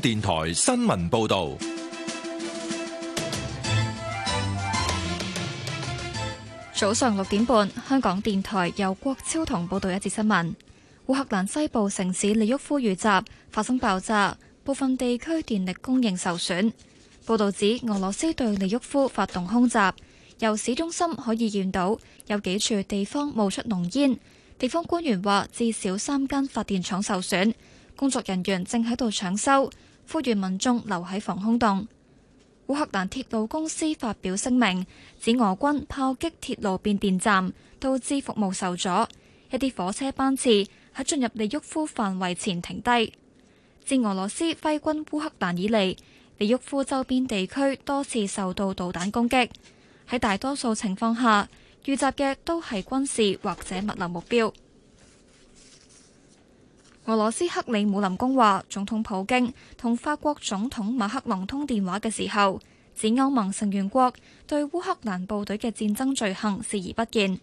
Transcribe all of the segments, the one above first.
電台新聞報道：早上六點半，香港電台由郭超同報道一節新聞。烏克蘭西部城市利沃夫遇襲發生爆炸，部分地區電力供應受損。報道指俄羅斯對利沃夫發動空襲，由市中心可以見到有幾處地方冒出濃煙。地方官員話，至少三間發電廠受損，工作人員正喺度搶修。呼籲民眾留喺防空洞。烏克蘭鐵路公司發表聲明，指俄軍炮擊鐵路變電站，導致服務受阻。一啲火車班次喺進入利沃夫範圍前停低。自俄羅斯揮軍烏克蘭以嚟，利沃夫周邊地區多次受到導彈攻擊。喺大多數情況下，遇襲嘅都係軍事或者物流目標。俄羅斯克里姆林宮話，總統普京同法國總統馬克龍通電話嘅時候，指歐盟成員國對烏克蘭部隊嘅戰爭罪行視而不見。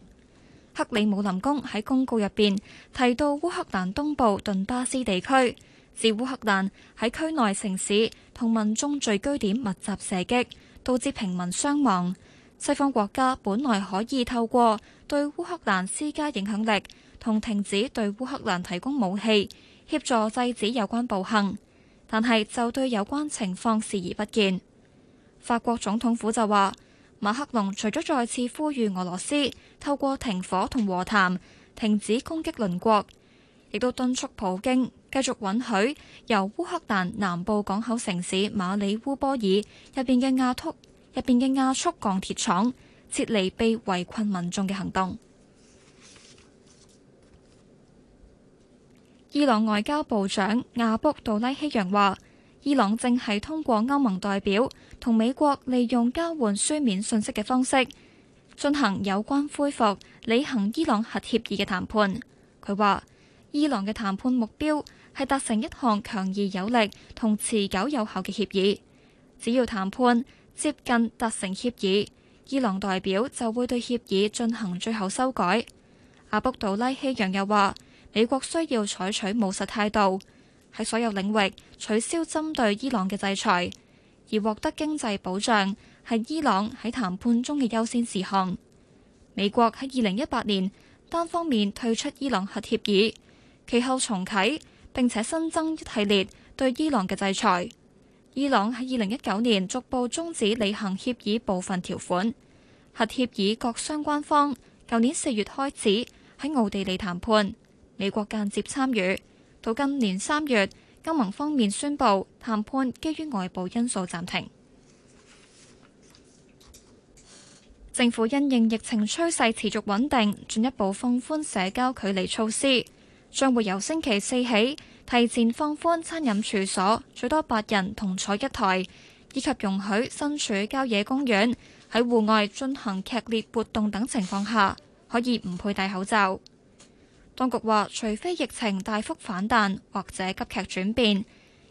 克里姆林宮喺公告入邊提到，烏克蘭東部頓巴斯地區，指烏克蘭喺區內城市同民眾聚居點密集射擊，導致平民傷亡。西方國家本來可以透過對烏克蘭施加影響力。同停止對烏克蘭提供武器協助，制止有關暴行，但係就對有關情況視而不見。法國總統府就話，馬克龍除咗再次呼籲俄羅斯透過停火同和談停止攻擊鄰國，亦都敦促普京繼續允許由烏克蘭南部港口城市馬里烏波爾入邊嘅亞速入邊嘅亞速鋼鐵廠撤離被圍困民眾嘅行動。伊朗外交部長阿卜杜拉希揚話，伊朗正係通過歐盟代表同美國利用交換書面信息嘅方式進行有關恢復履行伊朗核協議嘅談判。佢話，伊朗嘅談判目標係達成一項強而有力同持久有效嘅協議。只要談判接近達成協議，伊朗代表就會對協議進行最後修改。阿卜杜拉希揚又話，美國需要採取務實態度，喺所有領域取消針對伊朗嘅制裁，而獲得經濟保障係伊朗喺談判中嘅優先事項。美國喺二零一八年單方面退出伊朗核協議，其後重啟並且新增一系列對伊朗嘅制裁。伊朗喺二零一九年逐步終止履行協議部分條款。核協議各相關方舊年四月開始喺奧地利談判。美國間接參與，到今年三月，歐盟方面宣布談判基於外部因素暫停。政府因應疫情趨勢持續穩定，進一步放寬社交距離措施，將會由星期四起提前放寬餐飲處所，最多八人同坐一枱，以及容許身處郊野公園、喺戶外進行劇烈活動等情況下，可以唔佩戴口罩。當局話，除非疫情大幅反彈或者急劇轉變，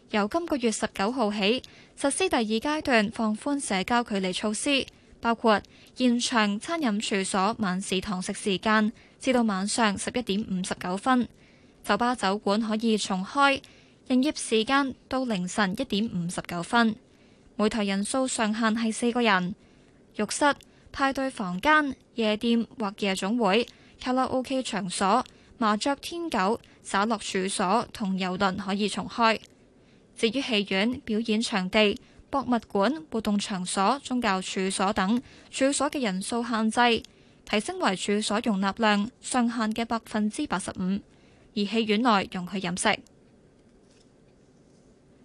由今個月十九號起實施第二階段放寬社交距離措施，包括延長餐飲場所晚市堂食時間至到晚上十一點五十九分，酒吧酒館可以重開營業時間到凌晨一點五十九分，每台人數上限係四個人。浴室、派對房間、夜店或夜總會、卡拉 OK 場所、麻雀、天狗、耍樂處所同遊輪可以重開。至於戲院、表演場地、博物館、活動場所、宗教處所等處所嘅人數限制提升為處所容納量上限嘅百分之八十五，而戲院內容許飲食。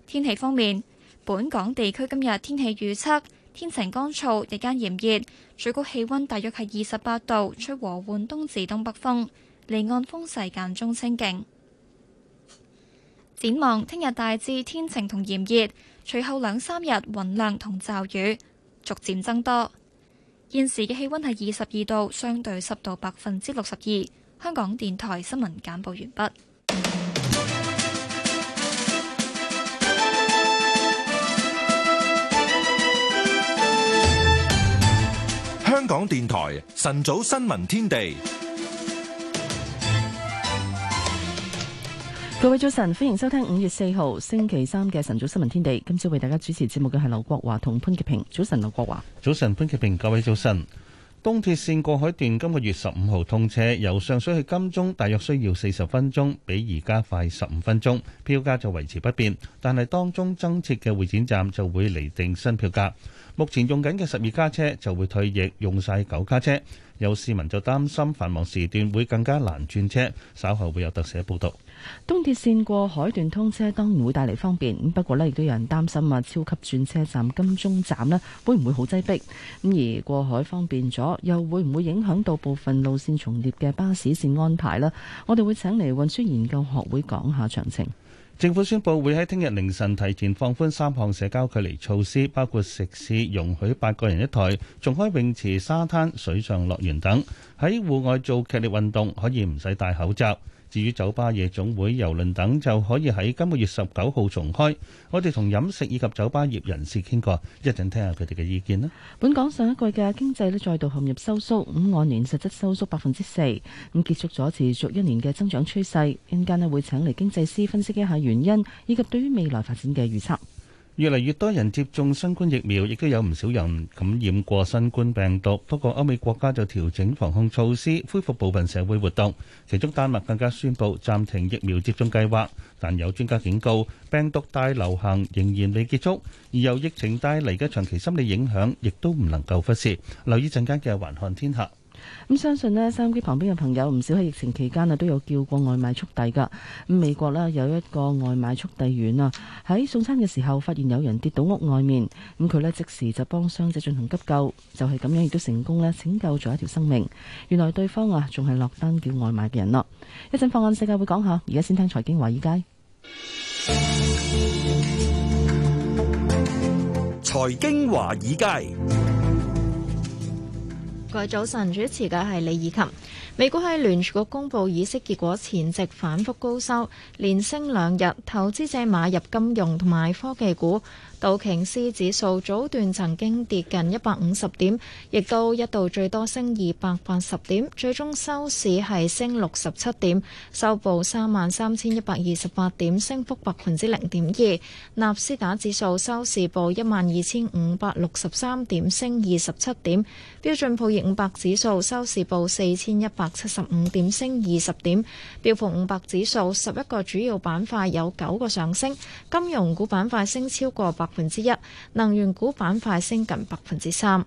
天氣方面，本港地區今日天氣預測，天晴乾燥，日間炎熱，最高氣溫大約係二十八度，吹和緩東至東北風。離岸風勢間中清勁，展望聽日大致天晴同炎熱，隨後兩三日雲量同驟雨逐漸增多。現時嘅氣溫係二十二度，相對濕度百分之六十二。香港電台新聞簡報完畢。香港電台晨早新聞天地。各位早晨，歡迎收聽五月四號星期三嘅晨早新聞天地。今朝為大家主持節目嘅係劉國華同潘潔平。早晨，劉國華。早晨，潘潔平。各位早晨。東鐵線過海段今個月十五號通車，由上水去金鐘大約需要四十分鐘，比而家快十五分鐘。票價就維持不變，但係當中增設嘅會展站就會釐定新票價。目前用緊嘅十二卡車就會退役，用曬九卡車。有市民就擔心繁忙時段會更加難轉車，稍後會有特寫報道。東鐵線過海段通車當然會帶嚟方便，不過呢亦都有人擔心啊，超級轉車站金鐘站呢會唔會好擠逼？咁而過海方便咗，又會唔會影響到部分路線重疊嘅巴士線安排呢？我哋會請嚟運輸研究學會講下詳情。政府宣布會喺聽日凌晨提前放寬三項社交距離措施，包括食肆容許八個人一台，重開泳池、沙灘、水上樂園等；喺戶外做劇烈運動可以唔使戴口罩。至於酒吧、夜總會、郵輪等，就可以喺今個月十九號重開。我哋同飲食以及酒吧業人士傾過，一陣聽下佢哋嘅意見啦。本港上一季嘅經濟咧再度陷入收縮，咁按年實質收縮百分之四，咁結束咗持續一年嘅增長趨勢。一陣間咧會請嚟經濟師分析一下原因，以及對於未來發展嘅預測。越嚟越多人接種新冠疫苗，亦都有唔少人感染過新冠病毒。不過歐美國家就調整防控措施，恢復部分社會活動。其中丹麥更加宣布暫停疫苗接種計劃，但有專家警告，病毒大流行仍然未結束，而由疫情帶嚟嘅長期心理影響，亦都唔能夠忽視。留意陣間嘅環看天下。咁相信呢，收音機旁邊嘅朋友唔少喺疫情期間啊，都有叫過外賣速遞噶。咁美國呢，有一個外賣速遞員啊，喺送餐嘅時候發現有人跌到屋外面，咁佢呢即時就幫傷者進行急救，就係咁樣亦都成功呢拯救咗一條生命。原來對方啊，仲係落單叫外賣嘅人咯。一陣放眼世界會講下，而家先聽財經華爾街。財經華爾街。各位早晨，主持嘅係李以琴。美股喺聯儲局公布議息結果前夕，反覆高收，連升兩日，投資者買入金融同埋科技股。道瓊斯指數早段曾經跌近一百五十點，亦都一度最多升二百八十點，最終收市係升六十七點，收報三萬三千一百二十八點，升幅百分之零點二。納斯達指數收市報一萬二千五百六十三點，升二十七點。標準普爾五百指數收市報四千一百七十五點，升二十點。標普五百指數十一個主要板塊有九個上升，金融股板塊升超過百。百分之一，能源股板塊升近百分之三。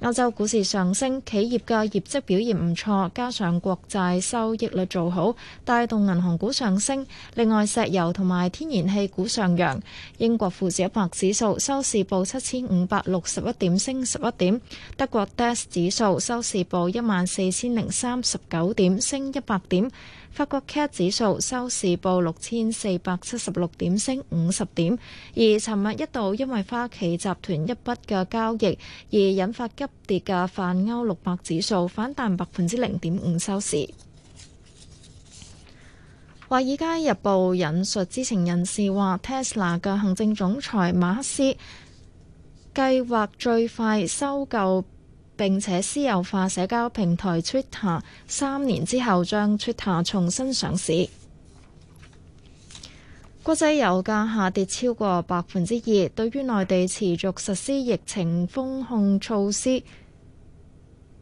歐洲股市上升，企業嘅業績表現唔錯，加上國債收益率做好，帶動銀行股上升。另外，石油同埋天然氣股上揚。英國富時一百指數收市報七千五百六十一點，升十一點。德國 DAX 指數收市報一萬四千零三十九點，升一百點。法國 CAC 指數收市報六千四百七十六點，升五十點。而尋日一度因為花旗集團一筆嘅交易而引發急跌嘅泛歐六百指數反彈百分之零點五收市。華爾街日報引述知情人士話，Tesla 嘅行政總裁馬克思計劃最快收購。並且私有化社交平台 Twitter 三年之後將 Twitter 重新上市。國際油價下跌超過百分之二，對於內地持續實施疫情封控措施，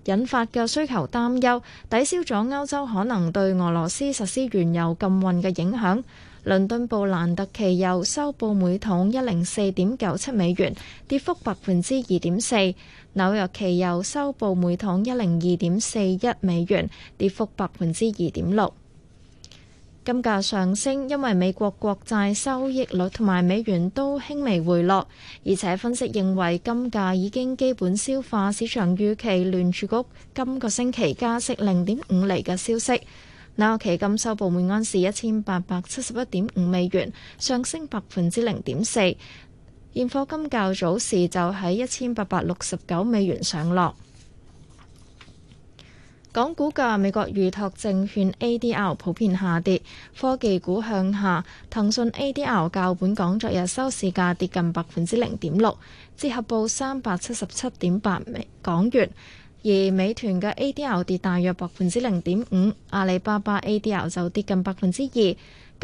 引發嘅需求擔憂，抵消咗歐洲可能對俄羅斯實施原油禁運嘅影響。倫敦布蘭特期油收報每桶一零四點九七美元，跌幅百分之二點四，紐約期油收報每桶一零二點四一美元，跌幅百分之二點六。金價上升，因為美國國債收益率同埋美元都輕微回落，而且分析認為金價已經基本消化市場預期聯儲局今個星期加息零點五厘嘅消息。紐約期金收報每安士一千八百七十一點五美元，上升百分之零點四。現貨金較早時就喺一千八百六十九美元上落。港股價美國預託證券 ADR 普遍下跌，科技股向下。騰訊 ADR 較本港昨日收市價跌近百分之零點六，折合報三百七十七點八港元。而美團嘅 ADR 跌大約百分之零點五，阿里巴巴 ADR 就跌近百分之二。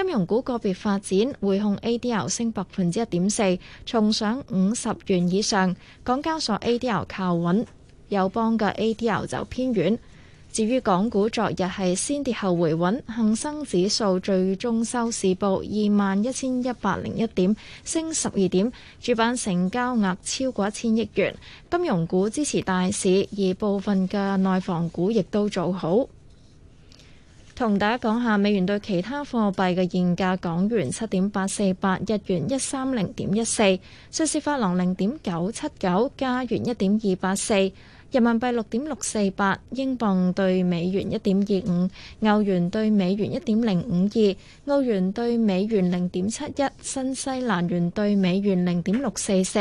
金融股個別發展，匯控 ADR 升百分之一點四，重上五十元以上。港交所 ADR 靠穩，友邦嘅 ADR 就偏遠。至於港股昨日係先跌後回穩，恆生指數最終收市報二萬一千一百零一點，升十二點，主板成交額超過一千億元。金融股支持大市，而部分嘅內房股亦都做好。同大家講下美元對其他貨幣嘅現價：港元七點八四八，日元一三零點一四，瑞士法郎零點九七九，加元一點二八四。人民幣六點六四八，英鎊對美元一點二五，歐元對美元一點零五二，澳元對美元零點七一，新西蘭元對美元零點六四四。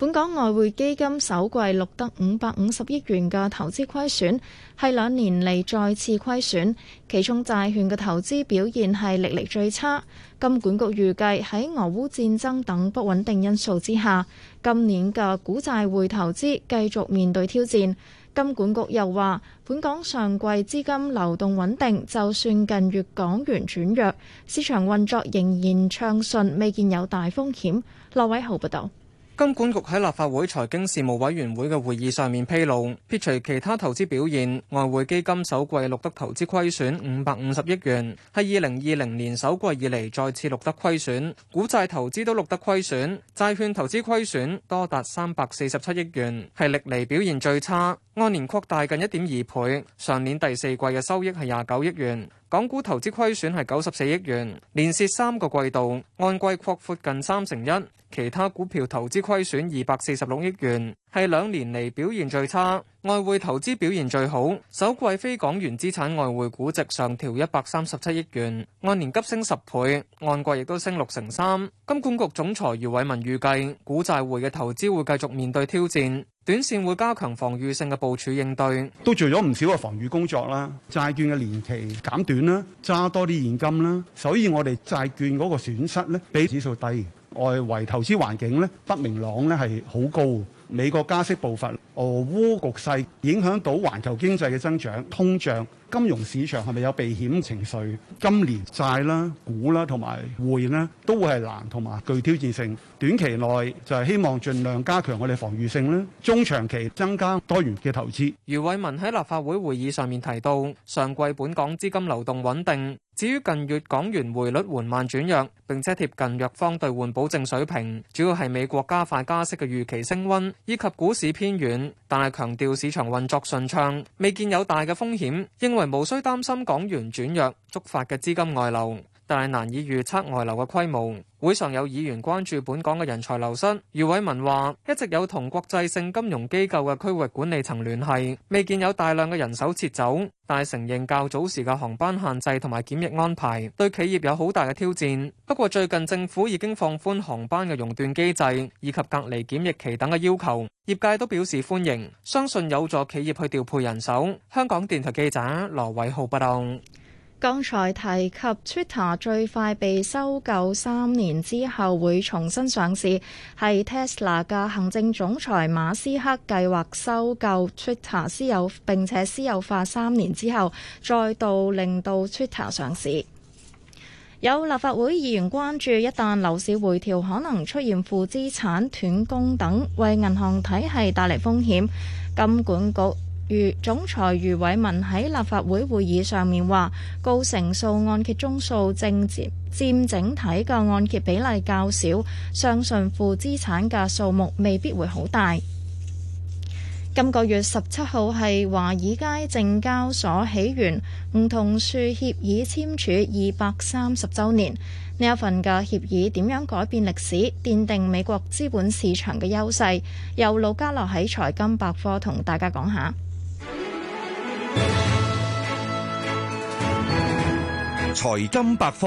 本港外匯基金首季錄得五百五十億元嘅投資虧損，係兩年嚟再次虧損，其中債券嘅投資表現係歷嚟最差。金管局預計喺俄烏戰爭等不穩定因素之下，今年嘅股債匯投資繼續面對挑戰，金管局又話，本港上季資金流動穩定，就算近月港元轉弱，市場運作仍然暢順，未見有大風險，羅偉豪報道。金管局喺立法會財經事務委員會嘅會議上面披露，撇除其他投資表現，外匯基金首季錄得投資虧損五百五十億元，係二零二零年首季以嚟再次錄得虧損。股債投資都錄得虧損，債券投資虧損多達三百四十七億元，係歷嚟表現最差，按年擴大近一點二倍。上年第四季嘅收益係廿九億元，港股投資虧損係九十四億元，連蝕三個季度，按季擴闊，闊近三成一。其他股票投資虧損二百四十六億元，係兩年嚟表現最差。外匯投資表現最好，首季非港元資產外匯估值上調一百三十七億元，按年急升十倍，按季亦都升六成三。金管局總裁余偉文預計，股債匯嘅投資會繼續面對挑戰，短線會加強防禦性嘅部署應對，都做咗唔少嘅防禦工作啦。債券嘅年期減短啦，揸多啲現金啦，所以我哋債券嗰個損失呢，比指數低。外圍投資環境咧不明朗咧係好高，美國加息步伐、俄、哦、烏局勢影響到環球經濟嘅增長、通脹、金融市場係咪有避險情緒？今年債啦、股啦同埋匯咧都會係難同埋具挑戰性。短期內就係希望盡量加強我哋防禦性咧，中長期增加多元嘅投資。余偉文喺立法會會議上面提到，上季本港資金流動穩定。至於近月港元匯率緩慢轉弱，並且貼近弱方兌換保證水平，主要係美國加快加息嘅預期升溫，以及股市偏軟。但係強調市場運作順暢，未見有大嘅風險，認為無需擔心港元轉弱觸發嘅資金外流。但係難以預測外流嘅規模。會上有議員關注本港嘅人才流失。余偉文話：一直有同國際性金融機構嘅區域管理層聯繫，未見有大量嘅人手撤走。但係承認較早時嘅航班限制同埋檢疫安排對企業有好大嘅挑戰。不過最近政府已經放寬航班嘅熔斷機制以及隔離檢疫期等嘅要求，業界都表示歡迎，相信有助企業去調配人手。香港電台記者羅偉浩報道。剛才提及 Twitter 最快被收購三年之後會重新上市，係 Tesla 嘅行政總裁馬斯克計劃收購 Twitter 私有並且私有化三年之後，再度令到 Twitter 上市。有立法會議員關注，一旦樓市回調，可能出現負資產、斷供等，為銀行體系帶嚟風險。金管局如總裁余偉文喺立法會會議上面話，高成數按揭宗數正佔佔整體嘅按揭比例較少，相信負資產嘅數目未必會好大。今個月十七號係華爾街證交所起源梧桐樹協議簽署二百三十周年。呢一份嘅協議點樣改變歷史，奠定美國資本市場嘅優勢？由盧嘉樂喺財金百科同大家講下。財金百科，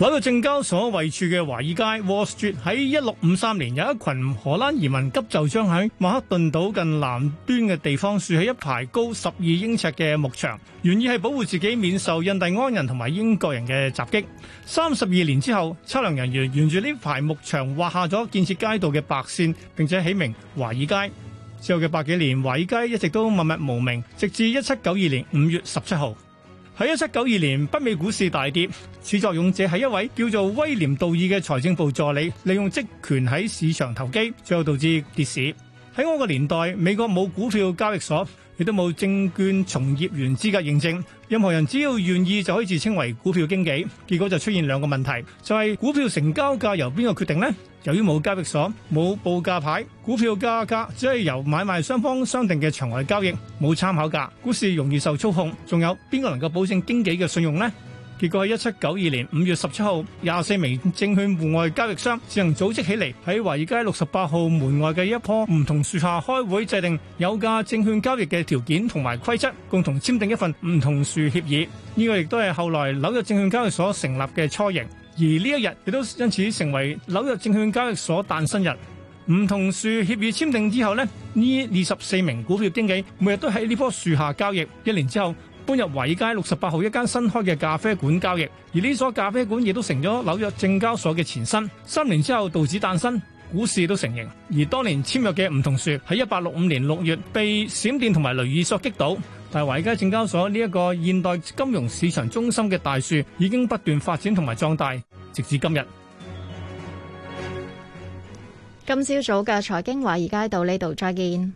來到證交所位處嘅華爾街 Wall Street 喺一六五三年，有一群荷蘭移民急就章喺馬克頓島近南端嘅地方豎起一排高十二英尺嘅木牆，原意係保護自己免受印第安人同埋英國人嘅襲擊。三十二年之後，測量人員沿住呢排木牆畫下咗建設街道嘅白線，並且起名華爾街。之後嘅百幾年，華爾街一直都默默無名，直至一七九二年五月十七號。喺一七九二年北美股市大跌，始作俑者係一位叫做威廉道爾嘅財政部助理，利用職權喺市場投機，最後導致跌市。喺嗰個年代，美國冇股票交易所，亦都冇證券從業員資格認證，任何人只要願意就可以自稱為股票經紀，結果就出現兩個問題，就係股票成交價由邊個決定咧？由於冇交易所、冇報價牌，股票價格只係由買賣雙方商定嘅場外交易，冇參考價，股市容易受操控。仲有邊個能夠保證經紀嘅信用呢？結果係一七九二年五月十七號，廿四名證券戶外交易商只能組織起嚟，喺華爾街六十八號門外嘅一棵梧桐樹下開會，制定有價證券交易嘅條件同埋規則，共同簽訂一份梧桐樹協議。呢、這個亦都係後來紐約證券交易所成立嘅雛形。而呢一日亦都因此成為紐約證券交易所誕生日。梧桐樹協議簽訂之後咧，呢二十四名股票經紀每日都喺呢棵樹下交易。一年之後，搬入華爾街六十八號一間新開嘅咖啡館交易。而呢所咖啡館亦都成咗紐約證交所嘅前身。三年之後，道指誕生，股市都成形。而當年簽約嘅梧桐樹喺一八六五年六月被閃電同埋雷雨所擊倒。但係，華爾街證交所呢一個現代金融市場中心嘅大樹已經不斷發展同埋壯大，直至今日。今朝早嘅財經華爾街到呢度再見。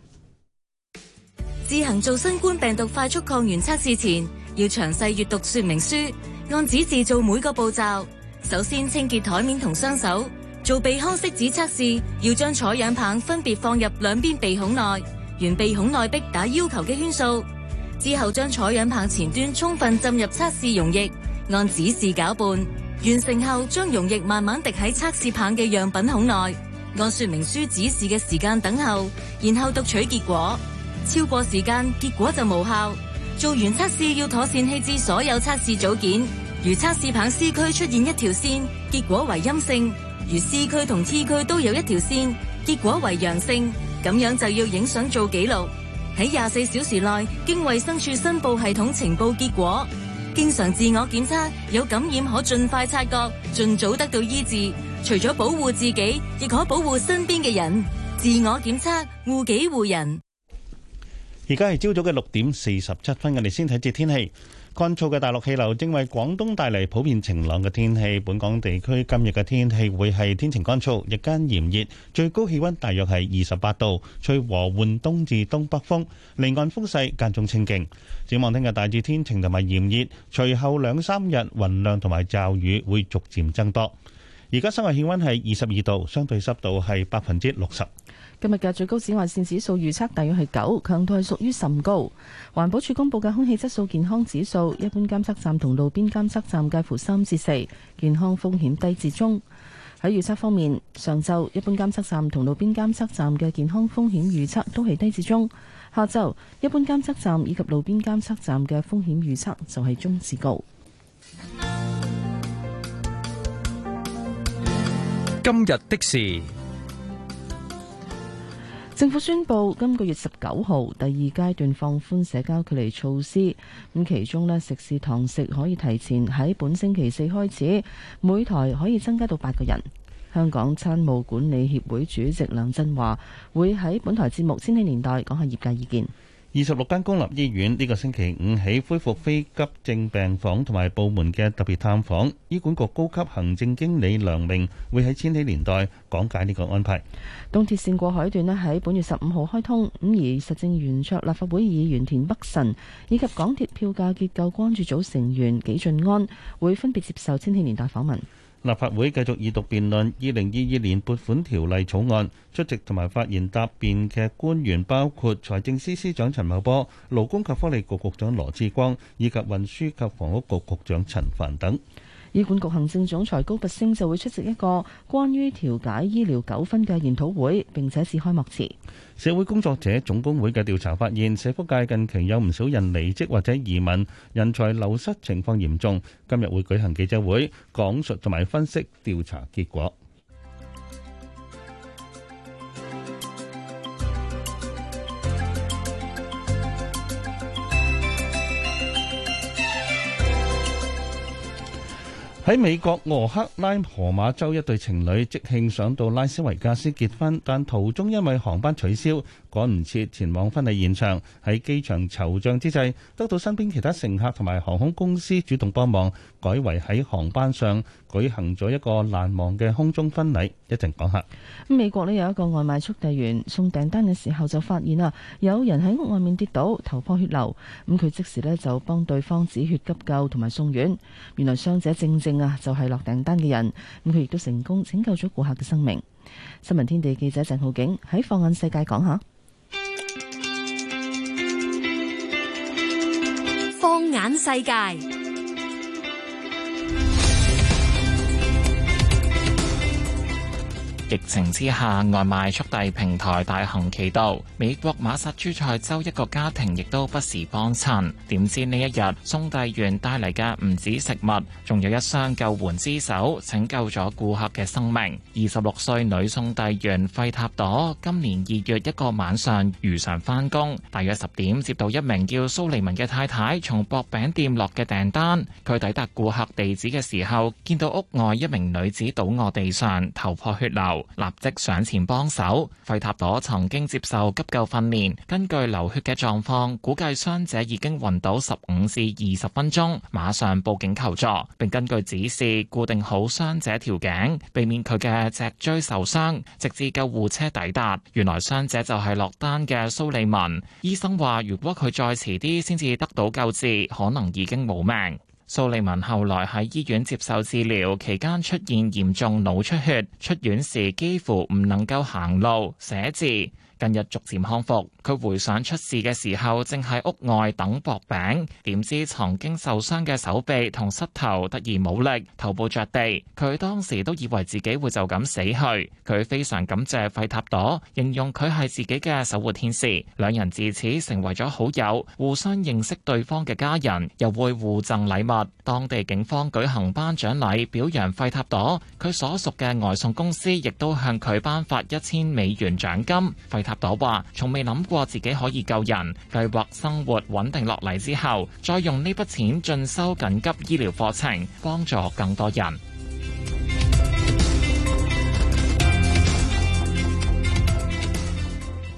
自行做新冠病毒快速抗原測試前，要詳細閱讀說明書，按指示做每個步驟。首先清潔台面同雙手。做鼻腔拭子測試，要將採樣棒分別放入兩邊鼻孔內，沿鼻孔內壁打要求嘅圈數。之後將採樣棒前端充分浸入測試溶液，按指示攪拌，完成後將溶液慢慢滴喺測試棒嘅樣品孔內，按說明書指示嘅時間等候，然後讀取結果。超過時間，結果就無效。做完測試要妥善棄置所有測試組件。如測試棒 C 區出現一條線，結果為陰性；如 C 區同 T 區都有一條線，結果為陽性。咁樣就要影相做記錄。喺廿四小時內經衛生署申報系統呈報結果，經常自我檢測有感染可盡快察覺，盡早得到醫治。除咗保護自己，亦可保護身邊嘅人。自我檢測護己護人。而家係朝早嘅六點四十七分，我哋先睇一節天氣。乾燥嘅大陸氣流正為廣東帶嚟普遍晴朗嘅天氣。本港地區今日嘅天氣會係天晴乾燥，日間炎熱，最高氣溫大約係二十八度，吹和緩東至東北風，離岸風勢間中清勁。展望聽日大致天晴同埋炎熱，隨後兩三日雲量同埋驟雨會逐漸增多。而家室外氣溫係二十二度，相對濕度係百分之六十。今日嘅最高紫外線指數預測大約係九，強度係屬於甚高。環保署公布嘅空氣質素健康指數，一般監測站同路邊監測站介乎三至四，健康風險低至中。喺預測方面，上晝一般監測站同路邊監測站嘅健康風險預測都係低至中；下晝一般監測站以及路邊監測站嘅風險預測就係中至高。今日的事。政府宣布，今個月十九號第二階段放寬社交距離措施，咁其中呢，食肆堂食可以提前喺本星期四開始，每台可以增加到八個人。香港餐務管理協會主席梁振華，會喺本台節目千禧年代講下業界意見。二十六間公立醫院呢個星期五起恢復非急症病房同埋部門嘅特別探訪。醫管局高級行政經理梁明會喺千禧年代講解呢個安排。東鐵線過海段咧喺本月十五號開通，咁而實政圓桌立法會議員田北辰，以及港鐵票價結構關注組成員紀俊安會分別接受千禧年代訪問。立法會繼續二讀辯論二零二二年撥款條例草案，出席同埋發言答辯嘅官員包括財政司司長陳茂波、勞工及福利局局長羅致光以及運輸及房屋局局長陳帆等。醫管局行政總裁高拔昇就會出席一個關於調解醫療糾紛嘅研討會，並且致開幕詞。社會工作者總工會嘅調查發現，社福界近期有唔少人離職或者移民，人才流失情況嚴重。今日會舉行記者會，講述同埋分析調查結果。喺美國俄克拉荷馬州，一對情侶即興想到拉斯維加斯結婚，但途中因為航班取消。趕唔切前往婚禮現場，喺機場惆悵之際，得到身邊其他乘客同埋航空公司主動幫忙，改為喺航班上舉行咗一個難忘嘅空中婚禮。一陣講下美國呢，有一個外賣速遞員送訂單嘅時候就發現啊，有人喺屋外面跌倒，頭破血流。咁佢即時呢，就幫對方止血急救同埋送院。原來傷者正正啊，就係落訂單嘅人。咁佢亦都成功拯救咗顧客嘅生命。新聞天地記者鄭浩景喺放眼世界講下。眼世界。疫情之下，外賣速遞平台大行其道。美國馬薩諸塞州一個家庭亦都不時幫襯，點知呢一日送遞員帶嚟嘅唔止食物，仲有一雙救援之手，拯救咗顧客嘅生命。二十六歲女送遞員費塔朵，今年二月一個晚上如常返工，大約十點接到一名叫蘇利文嘅太太從薄餅店落嘅訂單。佢抵達顧客地址嘅時候，見到屋外一名女子倒卧地上，頭破血流。立即上前幫手。費塔朵曾經接受急救訓練，根據流血嘅狀況，估計傷者已經暈倒十五至二十分鐘，馬上報警求助，並根據指示固定好傷者條頸，避免佢嘅脊椎受傷，直至救護車抵達。原來傷者就係落單嘅蘇利文。醫生話，如果佢再遲啲先至得到救治，可能已經冇命。蘇利文後來喺醫院接受治療期間出現嚴重腦出血，出院時幾乎唔能夠行路、寫字。近日逐漸康復，佢回想出事嘅時候，正喺屋外等薄餅，點知曾經受傷嘅手臂同膝頭突然冇力，頭部著地，佢當時都以為自己會就咁死去。佢非常感謝費塔朵，形容佢係自己嘅守護天使。兩人自此成為咗好友，互相認識對方嘅家人，又會互贈禮物。當地警方舉行頒獎禮，表揚費塔朵，佢所屬嘅外送公司亦都向佢頒發一千美元獎金。費塔。答到話，從未諗過自己可以救人，計劃生活穩定落嚟之後，再用呢筆錢進修緊急醫療課程，幫助更多人。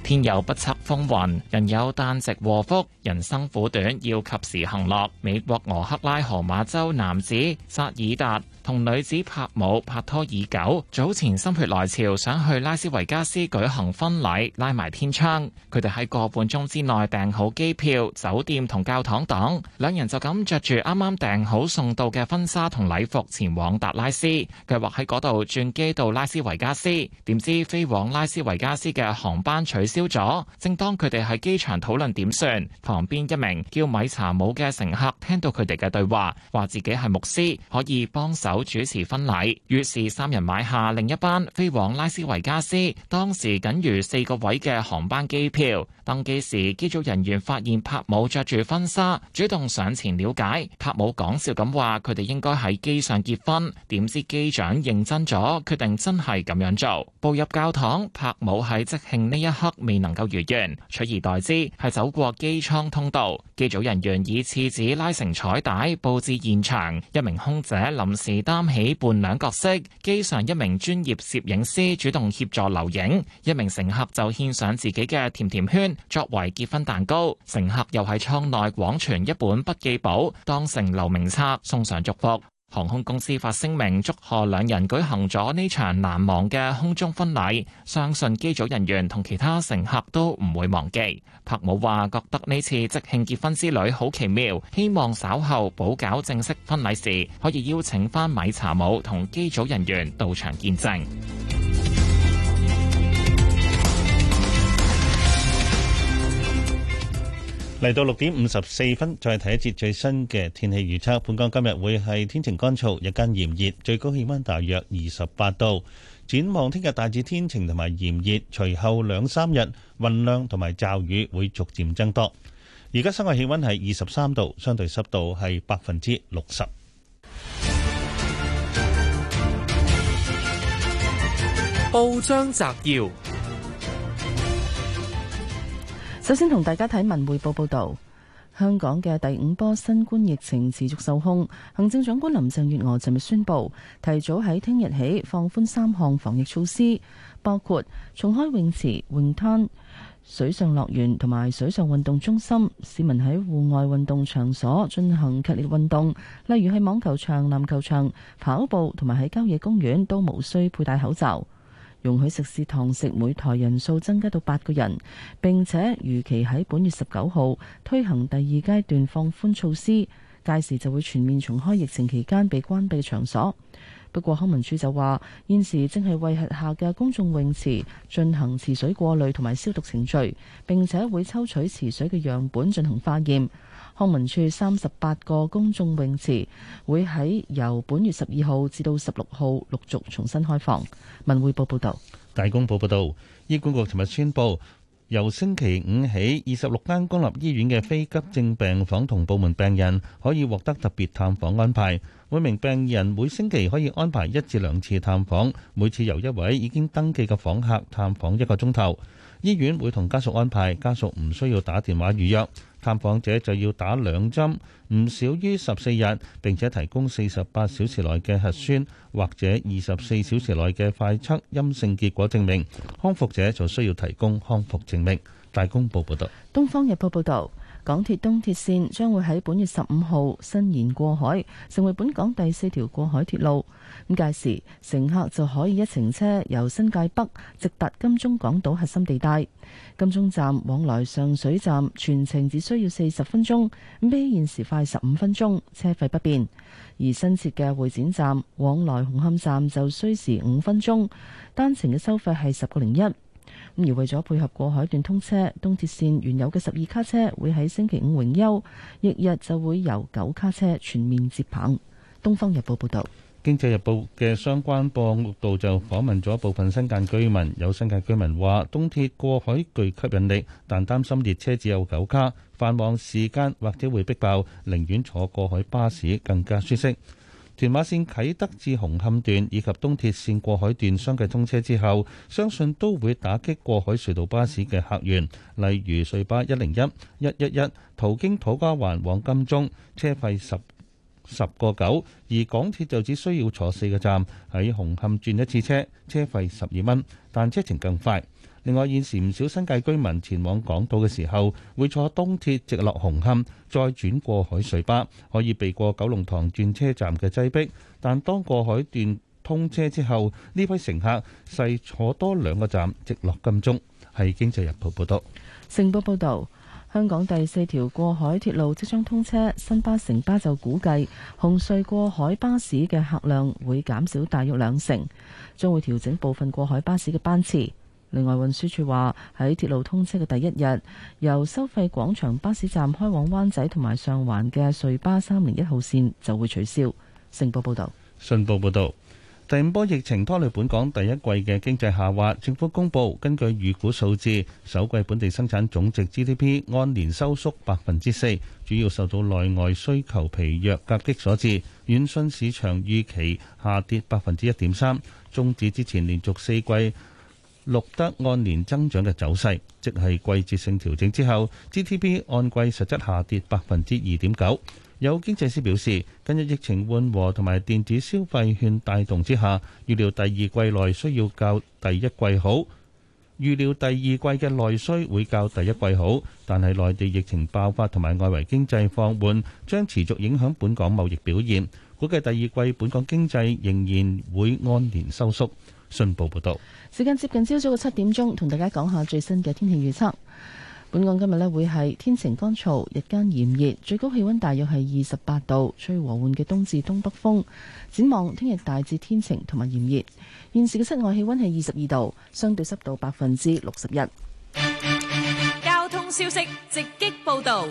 天有不測風雲，人有旦夕禍福，人生苦短，要及時行樂。美國俄克拉荷馬州男子薩爾達。同女子拍舞拍拖已久，早前心血來潮想去拉斯維加斯舉行婚禮，拉埋天窗。佢哋喺個半鐘之內訂好機票、酒店同教堂等，兩人就咁着住啱啱訂好送到嘅婚紗同禮服前往達拉斯，計劃喺嗰度轉機到拉斯維加斯。點知飛往拉斯維加斯嘅航班取消咗，正當佢哋喺機場討論點算，旁邊一名叫米查姆嘅乘客聽到佢哋嘅對話，話自己係牧師，可以幫手。主持婚禮，於是三人買下另一班飛往拉斯維加斯，當時僅餘四個位嘅航班機票。登機時，機組人員發現帕姆着住婚紗，主動上前了解。帕姆講笑咁話，佢哋應該喺機上結婚。點知機長認真咗，決定真係咁樣做。步入教堂，帕姆喺即興呢一刻未能夠如願，取而代之係走過機艙通道。機組人員以廁紙拉成彩帶布置現場，一名空姐臨時，擔起伴娘角色，機上一名專業攝影師主動協助留影，一名乘客就獻上自己嘅甜甜圈作為結婚蛋糕，乘客又喺艙內廣傳一本筆記簿，當成留名冊送上祝福。航空公司發聲明祝賀兩人舉行咗呢場難忘嘅空中婚禮，相信機組人員同其他乘客都唔會忘記。帕姆話覺得呢次即興結婚之旅好奇妙，希望稍後補搞正式婚禮時可以邀請返米查姆同機組人員到場見證。嚟到六點五十四分，再睇一節最新嘅天氣預測。本港今日會係天晴乾燥，日間炎熱，最高氣溫大約二十八度。展望聽日大致天晴同埋炎熱，隨後兩三日，雲量同埋驟雨會逐漸增多。而家室外氣溫係二十三度，相對濕度係百分之六十。報章摘要。首先同大家睇文匯報報道，香港嘅第五波新冠疫情持續受控。行政長官林鄭月娥尋日宣布，提早喺聽日起放寬三項防疫措施，包括重開泳池、泳灘、水上樂園同埋水上運動中心。市民喺戶外運動場所進行劇烈運動，例如喺網球場、籃球場、跑步同埋喺郊野公園，都無需佩戴口罩。容許食肆堂食每枱人數增加到八個人，並且預期喺本月十九號推行第二階段放寬措施，屆時就會全面重開疫情期間被關閉嘅場所。不過，康文署就話，現時正係為轄下嘅公眾泳池進行池水過濾同埋消毒程序，並且會抽取池水嘅樣本進行化驗。康文署三十八個公眾泳池會喺由本月十二號至到十六號陸續重新開放。文匯報報道，大公報報道，醫管局尋日宣布，由星期五起，二十六間公立醫院嘅非急症病房同部門病人可以獲得特別探訪安排，每名病人每星期可以安排一至兩次探訪，每次由一位已經登記嘅訪客探訪一個鐘頭。醫院會同家屬安排，家屬唔需要打電話預約。探訪者就要打兩針，唔少於十四日，並且提供四十八小時內嘅核酸或者二十四小時內嘅快測陰性結果證明。康復者就需要提供康復證明。大公報報道。東方日報報導。港鐵東鐵線將會喺本月十五號伸延過海，成為本港第四條過海鐵路。咁屆時乘客就可以一程車由新界北直達金鐘港島核心地帶。金鐘站往來上水站全程只需要四十分鐘，比現時快十五分鐘，車費不變。而新設嘅會展站往來紅磡站就需時五分鐘，單程嘅收費係十個零一。而為咗配合過海段通車，東鐵線原有嘅十二卡車會喺星期五榮休，翌日，日就會由九卡車全面接棒。東方日報報道，經濟日報嘅相關報道就訪問咗部分新界居民，有新界居民話東鐵過海具吸引力，但擔心列車只有九卡，繁忙時間或者會逼爆，寧願坐過海巴士更加舒適。屯馬線啟德至紅磡段以及東鐵線過海段相繼通車之後，相信都會打擊過海隧道巴士嘅客源，例如隧巴一零一、一一一，途經土瓜灣往金鐘，車費十十個九；而港鐵就只需要坐四個站，喺紅磡轉一次車，車費十二蚊，但車程更快。另外，現時唔少新界居民前往港島嘅時候，會坐東鐵直落紅磡，再轉過海隧巴，可以避過九龍塘轉車站嘅擠逼。但當過海段通車之後，呢批乘客細坐多兩個站，直落金鐘。係《經濟日報》報道，《星報》報道，香港第四條過海鐵路即將通車，新巴城巴就估計紅隧過海巴士嘅客量會減少大約兩成，將會調整部分過海巴士嘅班次。另外，運輸署話喺鐵路通車嘅第一日，由收費廣場巴士站開往灣仔同埋上環嘅隧巴三零一號線就會取消。星報報導，信報報道：第五波疫情拖累本港第一季嘅經濟下滑。政府公佈根據預估數字，首季本地生產總值 GDP 按年收縮百分之四，主要受到內外需求疲弱夾擊所致。遠遜市場預期下跌百分之一點三，終止之前連續四季錄得按年增長嘅走勢，即係季節性調整之後，GDP 按季實質下跌百分之二點九。有經濟師表示，近日疫情緩和同埋電子消費券帶動之下，預料第二季內需要較第一季好。預料第二季嘅內需會較第一季好，但係內地疫情爆發同埋外圍經濟放緩，將持續影響本港貿易表現。估計第二季本港經濟仍然會按年收縮。信報報道，時間接近朝早嘅七點鐘，同大家講下最新嘅天氣預測。本港今日呢會係天晴乾燥，日間炎熱，最高氣温大約係二十八度，吹和緩嘅東至東北風。展望聽日大致天晴同埋炎熱，現時嘅室外氣温係二十二度，相對濕度百分之六十一。交通消息直擊報道。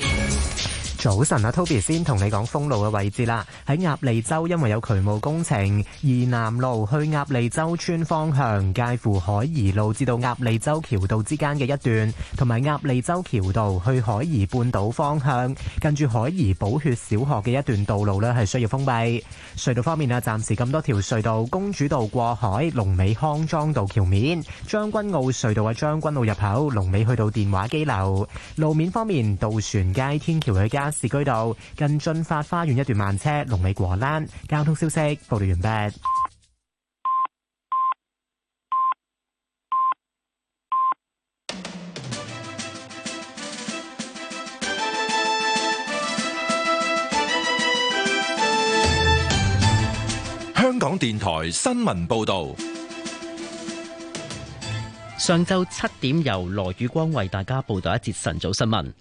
早晨啊，Toby 先同你講封路嘅位置啦。喺鴨脷洲，因為有渠務工程，怡南路去鴨脷洲村方向，介乎海怡路至到鴨脷洲橋道之間嘅一段，同埋鴨脷洲橋道去海怡半島方向，近住海怡寶血小學嘅一段道路咧係需要封閉。隧道方面啊，暫時咁多條隧道：公主道過海、龍尾康莊道橋面、將軍澳隧道嘅將軍澳入口、龍尾去到電話機樓。路面方面，渡船街天橋嘅間。士居道近駿發花園一段慢車，龍尾過欄。交通消息報道完畢。香港電台新聞報道，上晝七點由羅宇光為大家報道一節晨早新聞。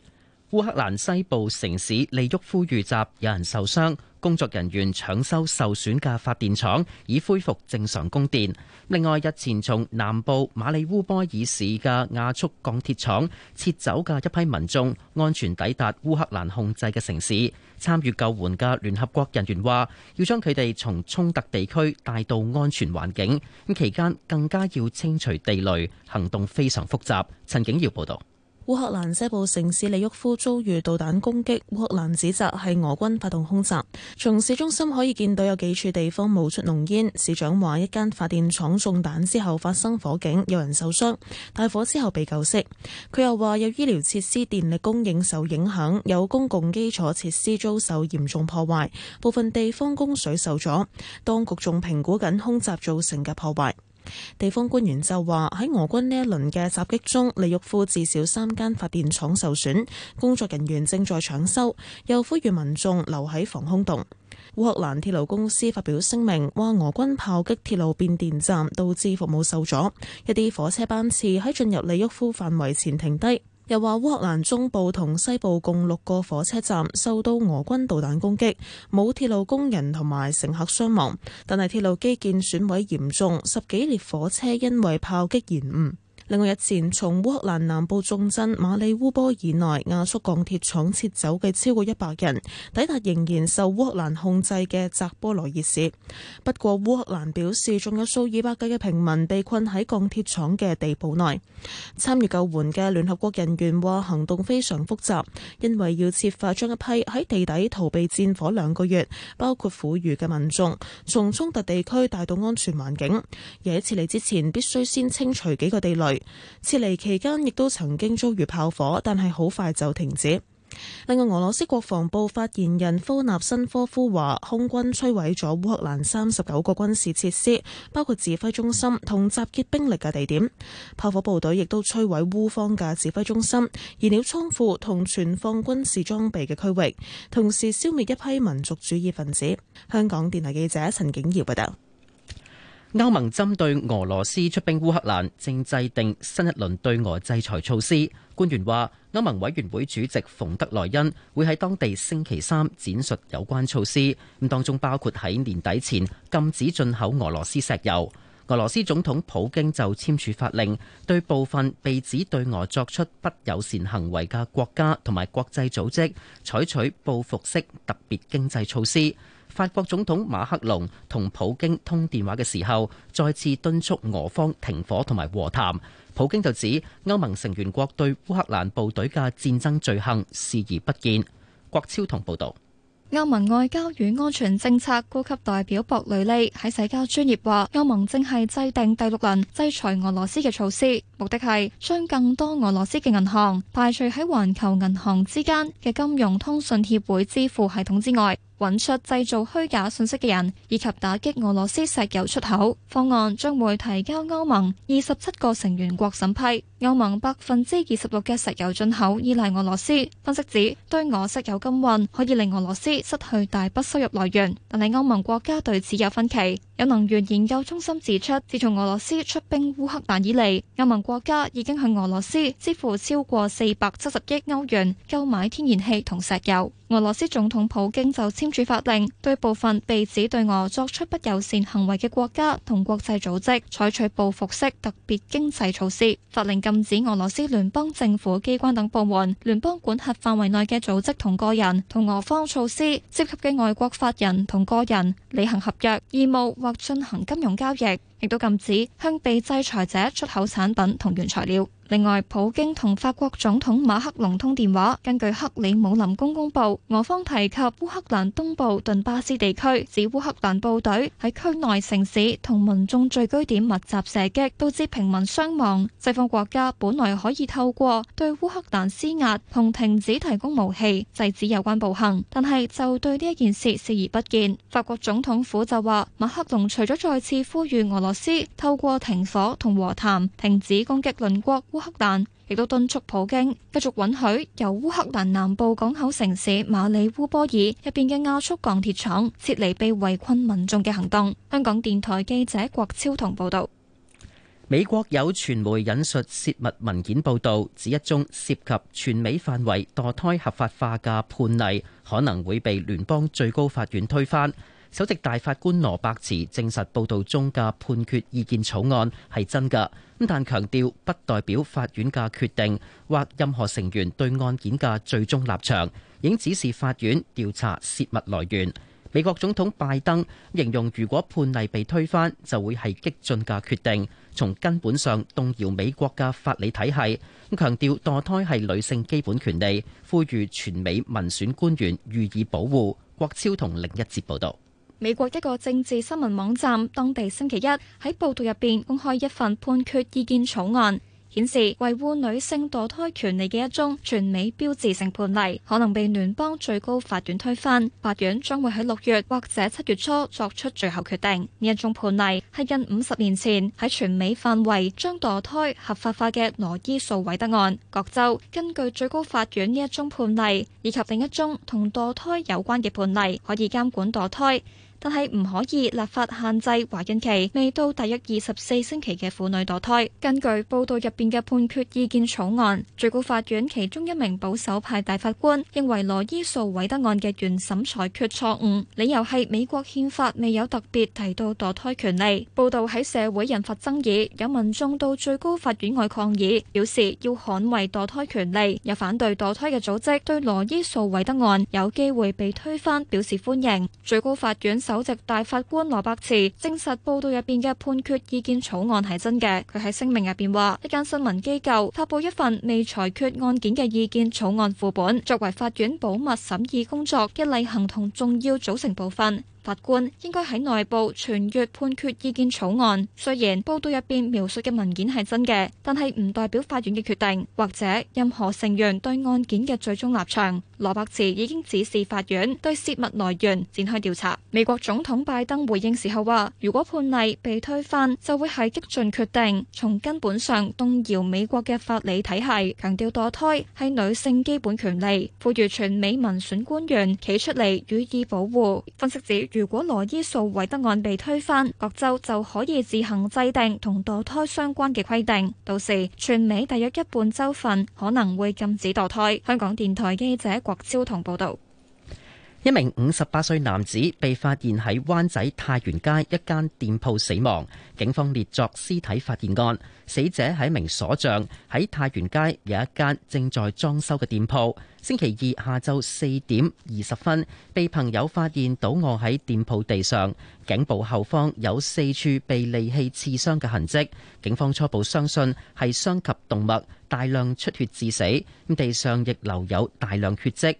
烏克蘭西部城市利沃夫遇襲，有人受傷。工作人員搶修受損嘅發電廠，已恢復正常供電。另外，日前從南部馬里烏波爾市嘅亞速鋼鐵廠撤走嘅一批民眾，安全抵達烏克蘭控制嘅城市。參與救援嘅聯合國人員話，要將佢哋從衝突地區帶到安全環境。咁期間更加要清除地雷，行動非常複雜。陳景耀報道。烏克蘭西部城市利沃夫遭遇導彈攻擊，烏克蘭指責係俄軍發動空襲。從市中心可以見到有幾處地方冒出濃煙。市長話一間發電廠中彈之後發生火警，有人受傷，大火之後被救熄。佢又話有醫療設施電力供應受影響，有公共基礎設施遭受嚴重破壞，部分地方供水受阻。當局仲評估緊空襲造成嘅破壞。地方官員就話喺俄軍呢一輪嘅襲擊中，利沃夫至少三間發電廠受損，工作人員正在搶修，又呼籲民眾留喺防空洞。烏克蘭鐵路公司發表聲明話，俄軍炮擊鐵路變電站，導致服務受阻，一啲火車班次喺進入利沃夫範圍前停低。又話，烏克蘭中部同西部共六個火車站受到俄軍導彈攻擊，冇鐵路工人同埋乘客傷亡，但係鐵路基建損毀嚴重，十幾列火車因為炮擊延誤。另外，日前從烏克蘭南部重鎮馬里烏波爾內亞速鋼鐵廠撤走嘅超過一百人，抵達仍然受烏克蘭控制嘅扎波羅熱市。不過，烏克蘭表示仲有數以百計嘅平民被困喺鋼鐵廠嘅地堡內。參與救援嘅聯合國人員話：行動非常複雜，因為要設法將一批喺地底逃避戰火兩個月，包括婦孺嘅民眾，從衝突地區帶到安全環境。而喺撤離之前，必須先清除幾個地雷。撤離期間亦都曾經遭遇炮火，但係好快就停止。另外，俄羅斯國防部發言人科納申科夫話，空軍摧毀咗烏克蘭三十九個軍事設施，包括指揮中心同集結兵力嘅地點。炮火部隊亦都摧毀烏方嘅指揮中心、燃料倉庫同存放軍事裝備嘅區域，同時消滅一批民族主義分子。香港電台記者陳景堯報道。歐盟針對俄羅斯出兵烏克蘭，正制定新一輪對俄制裁措施。官員話，歐盟委員會主席馮德萊恩會喺當地星期三展述有關措施。咁當中包括喺年底前禁止進口俄羅斯石油。俄羅斯總統普京就簽署法令，對部分被指對俄作出不友善行為嘅國家同埋國際組織採取報復式特別經濟措施。法國總統馬克龍同普京通電話嘅時候，再次敦促俄方停火同埋和談。普京就指歐盟成員國對烏克蘭部隊嘅戰爭罪行視而不見。郭超同報道。歐盟外交與安全政策高級代表博雷利喺社交專頁話，歐盟正係制定第六輪制裁俄羅斯嘅措施，目的係將更多俄羅斯嘅銀行排除喺環球銀行之間嘅金融通訊協會支付系統之外。搵出製造虛假信息嘅人，以及打擊俄羅斯石油出口方案將會提交歐盟二十七個成員國審批。歐盟百分之二十六嘅石油進口依賴俄羅斯。分析指，對俄石油禁運可以令俄羅斯失去大筆收入來源，但係歐盟國家對此有分歧。有能源研究中心指出，自從俄羅斯出兵烏克蘭以嚟，歐盟國家已經向俄羅斯支付超過四百七十億歐元購買天然氣同石油。俄羅斯總統普京就簽署法令，對部分被指對俄作出不友善行為嘅國家同國際組織採取報復式特別經濟措施。法令禁止俄羅斯聯邦政府機關等部門、聯邦管轄範圍內嘅組織同個人，同俄方措施涉及嘅外國法人同個人履行合約義務或進行金融交易，亦都禁止向被制裁者出口產品同原材料。另外，普京同法國總統馬克龍通電話。根據克里姆林宮公佈，俄方提及烏克蘭東部頓巴斯地區，指烏克蘭部隊喺區內城市同民眾聚居點密集射擊，導致平民傷亡。西方國家本來可以透過對烏克蘭施壓同停止提供武器，制止有關暴行，但係就對呢一件事視而不見。法國總統府就話，馬克龍除咗再次呼籲俄羅斯透過停火同和談停止攻擊鄰國烏克蘭亦都敦促普京繼續允許由烏克蘭南部港口城市馬里烏波爾入邊嘅亞速鋼鐵廠撤離被圍困民眾嘅行動。香港電台記者郭超同報道。美國有傳媒引述泄密文件報道，指一宗涉及全美範圍墮胎合法化嘅判例可能會被聯邦最高法院推翻。首席大法官羅伯茨證實報道中嘅判決意見草案係真㗎，但強調不代表法院嘅決定或任何成員對案件嘅最終立場，應指示法院調查泄密來源。美國總統拜登形容，如果判例被推翻，就會係激進嘅決定，從根本上動搖美國嘅法理體系。咁強調墮胎係女性基本權利，呼籲全美民選官員予以保護。郭超同另一節報導。美國一個政治新聞網站，當地星期一喺報道入邊公開一份判決意見草案，顯示維護女性墮胎權利嘅一宗全美標誌性判例可能被聯邦最高法院推翻。法院將會喺六月或者七月初作出最後決定。呢一宗判例係近五十年前喺全美範圍將墮胎合法化嘅羅伊訴維德案。各州根據最高法院呢一宗判例以及另一宗同墮胎有關嘅判例，可以監管墮胎。但係唔可以立法限制懷孕期未到大約二十四星期嘅婦女墮胎。根據報道入邊嘅判決意見草案，最高法院其中一名保守派大法官認為羅伊訴韋德案嘅原審裁決錯誤，理由係美國憲法未有特別提到墮胎權利。報道喺社會引發爭議，有民眾到最高法院外抗議，表示要捍衛墮胎權利。有反對墮胎嘅組織對羅伊訴韋德案有機會被推翻表示歡迎。最高法院，首席大法官羅伯茨證實報道入邊嘅判決意見草案係真嘅。佢喺聲明入邊話，一間新聞機構發佈一份未裁決案件嘅意見草案副本，作為法院保密審議工作一例行同重要組成部分。法官應該喺內部傳閱判決意見草案。雖然報道入邊描述嘅文件係真嘅，但係唔代表法院嘅決定或者任何成員對案件嘅最終立場。羅伯茨已經指示法院，對洩密來源展開調查。美國總統拜登回應時候話,如果判例被推翻,就會係激進決定,從根本上動搖美國的法理體系,強調墮胎,係女性基本權利,呼籲全美民選官員,企出嚟予以保護。分析指,如果羅伊訴韋德案被推翻,各州就可以自行制定同墮胎相關的規定。到時,全美大約一半州份可能會禁止墮胎。香港電台記者郭 超同報道。一名五十八歲男子被發現喺灣仔太原街一間店鋪死亡，警方列作屍體發現案。死者係一名鎖匠，喺太原街有一間正在裝修嘅店鋪。星期二下晝四點二十分，被朋友發現倒卧喺店鋪地上，頸部後方有四處被利器刺傷嘅痕迹。警方初步相信係傷及動脈，大量出血致死，咁地上亦留有大量血迹。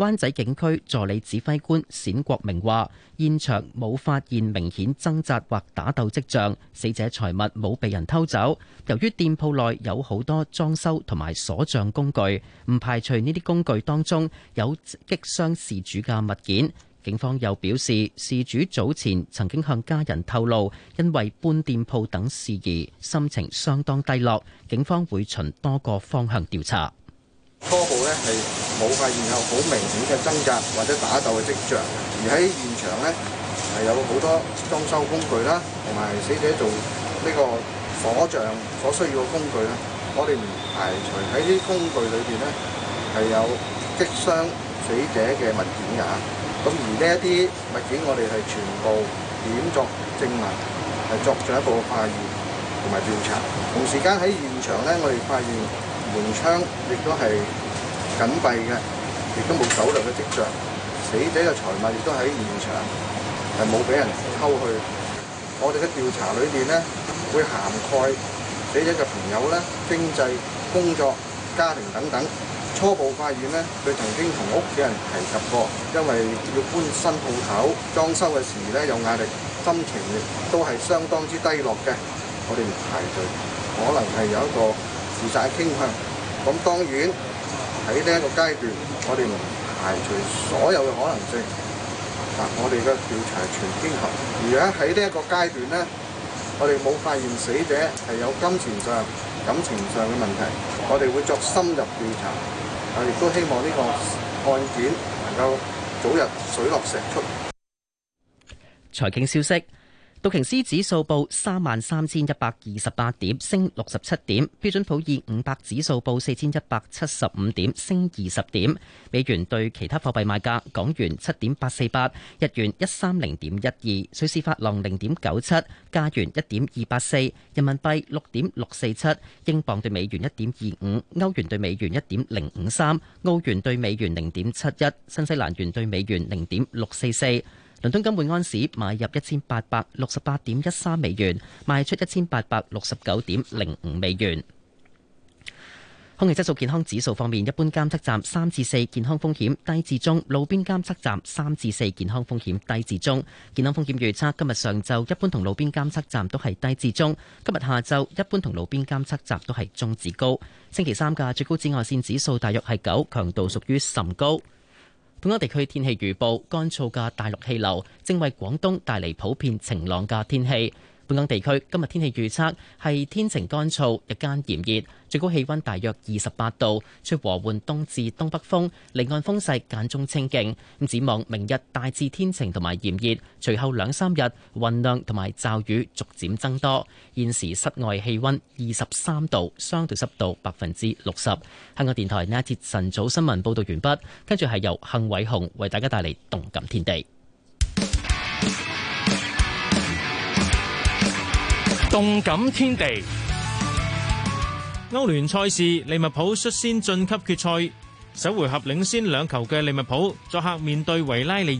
灣仔警區助理指揮官冼國明話，現場冇發現明顯掙扎或打鬥迹象，死者財物冇被人偷走。由於店鋪內有好多裝修同埋鎖匠工具，唔排除呢啲工具當中有擊傷事主嘅物件。警方又表示，事主早前曾經向家人透露，因為搬店鋪等事宜，心情相當低落。警方會循多個方向調查。初步咧係冇發現有好明顯嘅掙扎或者打鬥嘅跡象，而喺現場咧係有好多裝修工具啦，同埋死者做呢個火葬所需要嘅工具啦。我哋唔排除喺啲工具裏邊咧係有擊傷死者嘅物件。噶，咁而呢一啲物件，我哋係全部點作證物，係作進一步嘅化驗同埋調查。同時間喺現場咧，我哋發現。門窗亦都係緊閉嘅，亦都冇走漏嘅跡象。死者嘅財物亦都喺現場係冇俾人偷去。我哋嘅調查裏邊咧，會涵蓋死者嘅朋友咧、經濟、工作、家庭等等。初步發現咧，佢曾經同屋企人提及過，因為要搬新鋪頭、裝修嘅時咧有壓力，心情亦都係相當之低落嘅。我哋唔排除可能係有一個自殺傾向，咁當然喺呢一個階段，我哋唔排除所有嘅可能性。嗱，我哋嘅調查係全天候。而家喺呢一個階段咧，我哋冇發現死者係有金錢上、感情上嘅問題，我哋會作深入調查。啊，亦都希望呢個案件能夠早日水落石出。財經消息。道瓊斯指數報三萬三千一百二十八點，升六十七點；標準普爾五百指數報四千一百七十五點，升二十點。美元對其他貨幣賣價：港元七點八四八，日元一三零點一二，瑞士法郎零點九七，加元一點二八四，人民幣六點六四七，英鎊對美元一點二五，歐元對美元一點零五三，澳元對美元零點七一，新西蘭元對美元零點六四四。倫敦金每安士買入一千八百六十八點一三美元，賣出一千八百六十九點零五美元。空氣質素健康指數方面，一般監測站三至四健康風險低至中，路邊監測站三至四健康風險低至中。健康風險預測今日上晝一般同路邊監測站都係低至中，今日下晝一般同路邊監測站都係中至高。星期三嘅最高紫外線指數大約係九，強度屬於甚高。本港地區天氣預報：乾燥嘅大陸氣流正為廣東帶嚟普遍晴朗嘅天氣。本港地區今日天氣預測係天晴乾燥，日間炎熱，最高氣溫大約二十八度，吹和緩東至東北風，離岸風勢間中清勁。咁展望明日大致天晴同埋炎熱，隨後兩三日雲量同埋驟雨逐漸增多。現時室外氣溫二十三度，相對濕度百分之六十。香港電台呢一節晨早新聞報道完畢，跟住係由幸偉雄為大家帶嚟動感天地。動感天地，歐聯賽事，利物浦率先晉級決賽。首回合領先兩球嘅利物浦作客面對維拉利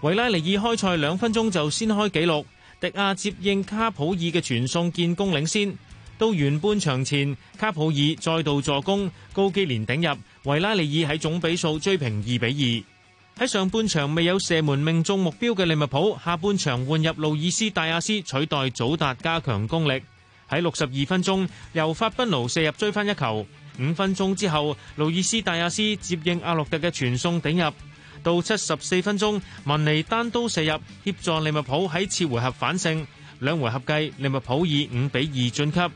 爾，維拉利爾開賽兩分鐘就先開紀錄，迪亞接應卡普爾嘅傳送建功領先。到完半場前，卡普爾再度助攻高基連頂入，維拉利爾喺總比數追平二比二。喺上半場未有射門命中目標嘅利物浦，下半場換入路易斯大亞斯取代祖達加強攻力。喺六十二分鐘由法賓奴射入追翻一球，五分鐘之後路易斯大亞斯接應阿諾特嘅傳送頂入。到七十四分鐘文尼單刀射入協助利物浦喺次回合反勝，兩回合計利物浦以五比二晉級。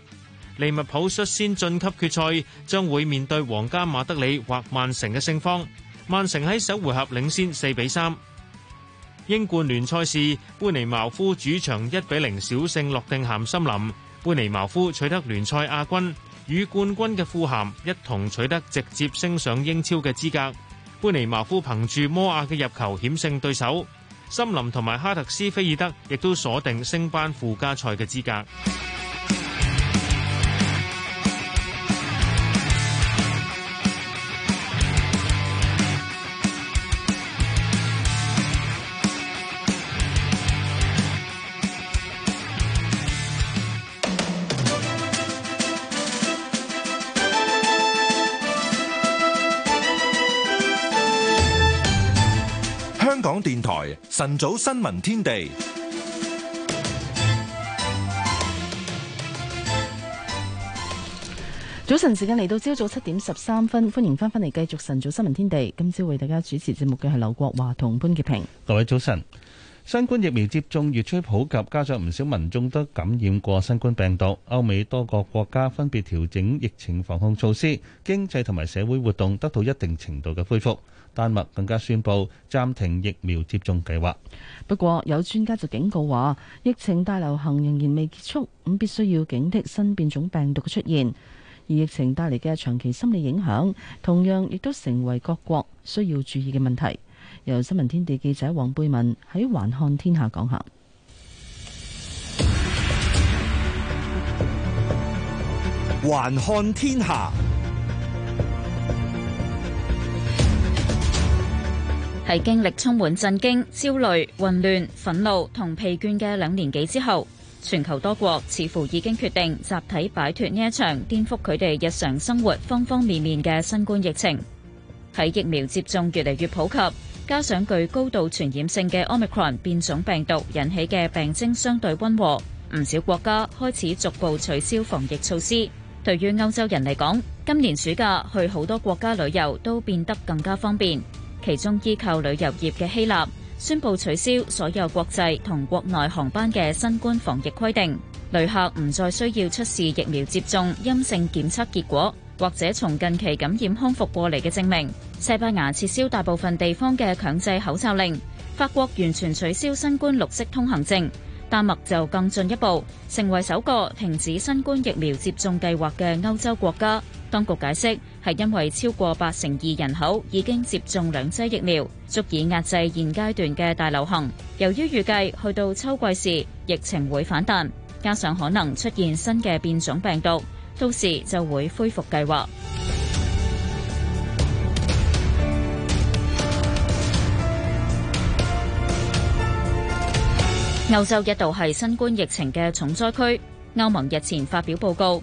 利物浦率先晉級決賽，將會面對皇家馬德里或曼城嘅勝方。曼城喺首回合領先四比三。英冠聯賽是般尼茅夫主場一比零小勝諾定咸森林，般尼茅夫取得聯賽亞軍，與冠軍嘅富咸一同取得直接升上英超嘅資格。般尼茅夫憑住摩亞嘅入球險勝對手，森林同埋哈特斯菲爾德亦都鎖定升班附加賽嘅資格。晨早新聞天地，早晨時間嚟到，朝早七點十三分，歡迎翻返嚟繼續晨早新聞天地。今朝為大家主持節目嘅係劉國華同潘潔平。各位早晨，新冠疫苗接種越趨普及，加上唔少民眾都感染過新冠病毒，歐美多個國家分別調整疫情防控措施，經濟同埋社會活動得到一定程度嘅恢復。丹麥更加宣布暫停疫苗接種計劃。不過，有專家就警告話，疫情大流行仍然未結束，咁必須要警惕新變種病毒嘅出現。而疫情帶嚟嘅長期心理影響，同樣亦都成為各國需要注意嘅問題。由新聞天地記者黃貝文喺環看天下講下。環看天下。喺經歷充滿震驚、焦慮、混亂、憤怒同疲倦嘅兩年幾之後，全球多國似乎已經決定集體擺脫呢一場顛覆佢哋日常生活方方面面嘅新冠疫情。喺疫苗接種越嚟越普及，加上具高度傳染性嘅 Omicron 變種病毒引起嘅病徵相對溫和，唔少國家開始逐步取消防疫措施。對於歐洲人嚟講，今年暑假去好多國家旅遊都變得更加方便。其中依靠旅遊業嘅希臘宣布，取消所有國際同國內航班嘅新冠防疫規定，旅客唔再需要出示疫苗接種陰性檢測結果，或者從近期感染康復過嚟嘅證明。西班牙撤銷大部分地方嘅強制口罩令，法國完全取消新冠綠色通行證，丹麥就更進一步成為首個停止新冠疫苗接種計劃嘅歐洲國家，當局解釋係因為超過八成二人口已經接種兩劑疫苗，足以壓制現階段嘅大流行。由於預計去到秋季時，疫情會反彈，加上可能出現新嘅變種病毒，到時就會恢復計劃。歐 洲一度係新冠疫情嘅重災區，歐盟日前發表報告。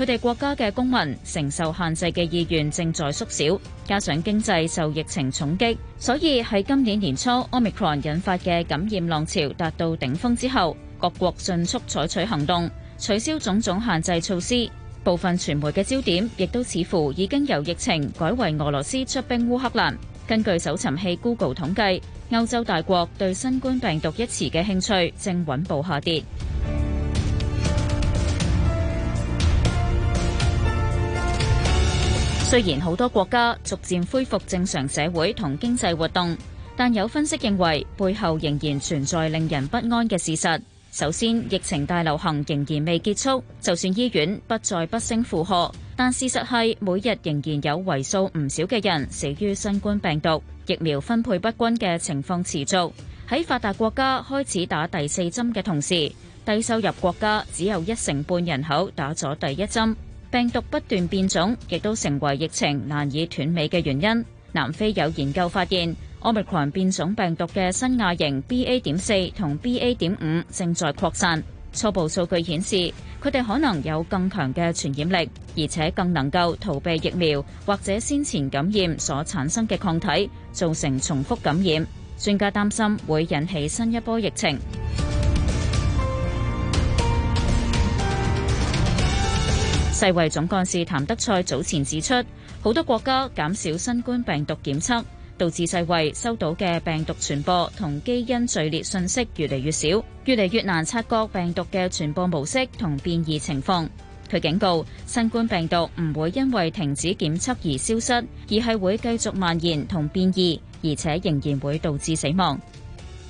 佢哋國家嘅公民承受限制嘅意願正在縮小，加上經濟受疫情重擊，所以喺今年年初 Omicron 引發嘅感染浪潮達到頂峰之後，各國迅速採取行動，取消種種限制措施。部分傳媒嘅焦點亦都似乎已經由疫情改為俄羅斯出兵烏克蘭。根據搜尋器 Google 統計，歐洲大國對新冠病毒一詞嘅興趣正穩步下跌。雖然好多國家逐漸恢復正常社會同經濟活動，但有分析認為背後仍然存在令人不安嘅事實。首先，疫情大流行仍然未結束，就算醫院不再不勝負荷，但事實係每日仍然有為數唔少嘅人死於新冠病毒。疫苗分配不均嘅情況持續，喺發達國家開始打第四針嘅同時，低收入國家只有一成半人口打咗第一針。病毒不斷變種，亦都成為疫情難以斷尾嘅原因。南非有研究發現，Omicron 變種病毒嘅新亞型 BA 點四同 BA 點五正在擴散。初步數據顯示，佢哋可能有更強嘅傳染力，而且更能夠逃避疫苗或者先前感染所產生嘅抗體，造成重複感染。專家擔心會引起新一波疫情。世衛總幹事譚德塞早前指出，好多國家減少新冠病毒檢測，導致世衛收到嘅病毒傳播同基因序列信息越嚟越少，越嚟越難察覺病毒嘅傳播模式同變異情況。佢警告，新冠病毒唔會因為停止檢測而消失，而係會繼續蔓延同變異，而且仍然會導致死亡。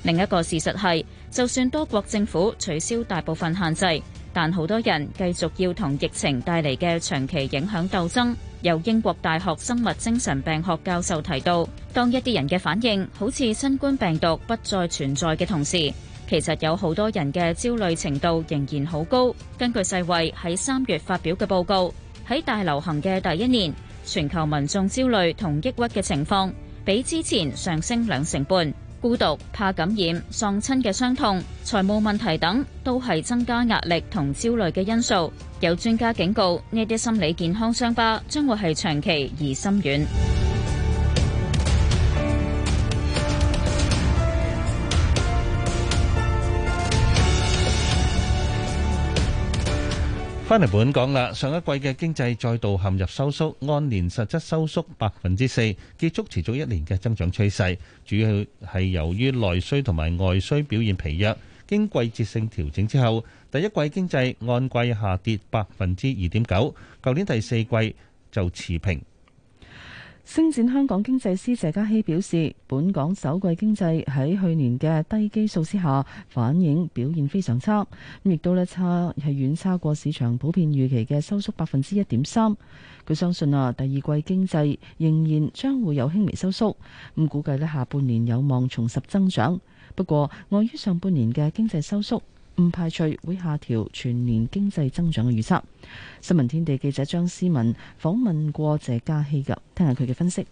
另一個事實係，就算多國政府取消大部分限制，但好多人繼續要同疫情帶嚟嘅長期影響鬥爭。由英國大學生物精神病學教授提到，當一啲人嘅反應好似新冠病毒不再存在嘅同時，其實有好多人嘅焦慮程度仍然好高。根據世衛喺三月發表嘅報告，喺大流行嘅第一年，全球民眾焦慮同抑鬱嘅情況比之前上升兩成半。孤獨、怕感染、喪親嘅傷痛、財務問題等，都係增加壓力同焦慮嘅因素。有專家警告，呢啲心理健康傷疤將會係長期而深遠。翻嚟本港啦，上一季嘅經濟再度陷入收縮，按年實質收縮百分之四，結束持續一年嘅增長趨勢。主要係由於內需同埋外需表現疲弱，經季節性調整之後，第一季經濟按季下跌百分之二點九，舊年第四季就持平。星展香港經濟師謝家熙表示，本港首季經濟喺去年嘅低基數之下，反映表現非常差，亦都咧差係遠差過市場普遍預期嘅收縮百分之一點三。佢相信啊，第二季經濟仍然將會有輕微收縮，咁估計咧下半年有望重拾增長。不過，礙於上半年嘅經濟收縮，唔排除會下調全年經濟增長嘅預測。新聞天地記者張思敏訪問過謝嘉希噶，聽下佢嘅分析。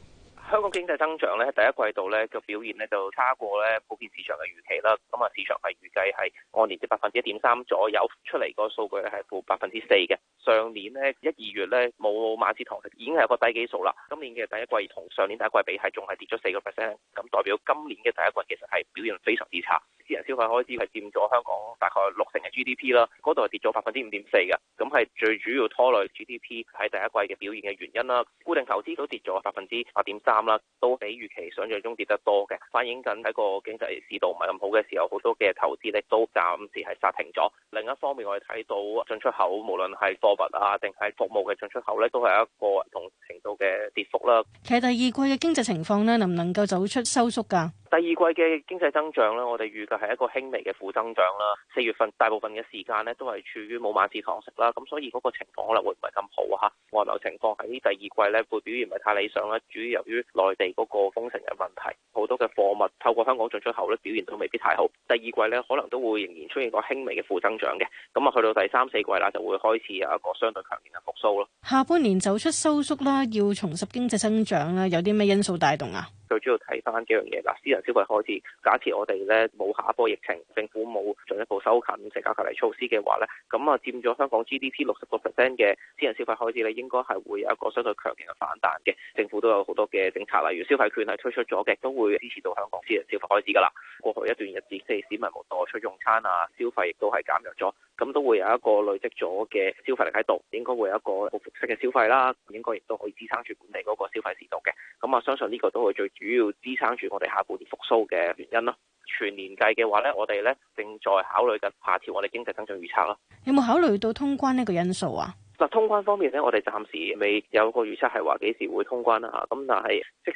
香港經濟增長咧，第一季度咧嘅表現咧就差過咧普遍市場嘅預期啦。咁啊，市場係預計係按年跌百分之一點三左右出嚟嗰個數據係負百分之四嘅。上年咧一二月咧冇晚市堂食，已經係個低基數啦。今年嘅第一季同上年第一季比係仲係跌咗四個 percent，咁代表今年嘅第一季其實係表現非常之差。私人消費開支係佔咗香港大概六成嘅 GDP 啦，嗰度係跌咗百分之五點四嘅，咁係最主要拖累 GDP 喺第一季嘅表現嘅原因啦。固定投資都跌咗百分之八點三。啱啦，都比預期想象中跌得多嘅，反映緊喺個經濟市道唔係咁好嘅時候，好多嘅投資力都暫時係殺停咗。另一方面，我哋睇到進出口，無論係貨物啊定係服務嘅進出口咧，都係一個同程度嘅跌幅啦。其實第二季嘅經濟情況呢，能唔能夠走出收縮㗎？第二季嘅經濟增長咧，我哋預計係一個輕微嘅負增長啦。四月份大部分嘅時間呢，都係處於冇晚市堂食啦，咁所以嗰個情況可能會唔係咁好嚇。外貿情況喺第二季咧，會表現唔係太理想啦，主要由於內地嗰個封城嘅問題，好多嘅貨物透過香港進出口咧，表現都未必太好。第二季咧，可能都會仍然出現個輕微嘅負增長嘅，咁啊，去到第三四季啦，就會開始有一個相對強烈嘅復甦咯。下半年走出收縮啦，要重拾經濟增長啦，啊，有啲咩因素帶動啊？最主要睇翻幾樣嘢嗱，私人消費開支，假設我哋咧冇下一波疫情，政府冇進一步收緊社交距離措施嘅話咧，咁啊佔咗香港 GDP 六十多 percent 嘅私人消費開支咧，應該係會有一個相對強勁嘅反彈嘅。政府都有好多嘅政策，例如消費券係推出咗嘅，都會支持到香港私人消費開支噶啦。過去一段日子，即係市民冇外出用餐啊，消費亦都係減弱咗，咁都會有一個累積咗嘅消費力喺度，應該會有一個復甦式嘅消費啦。應該亦都可以支撐住本地嗰個消費市道嘅。咁啊，相信呢個都會最主要支撐住我哋下半年復甦嘅原因咯。全年計嘅話呢，我哋呢正在考慮緊下調我哋經濟增長預測咯。有冇考慮到通關呢個因素啊？嗱，通關方面呢，我哋暫時未有個預測係話幾時會通關啦吓。咁但係即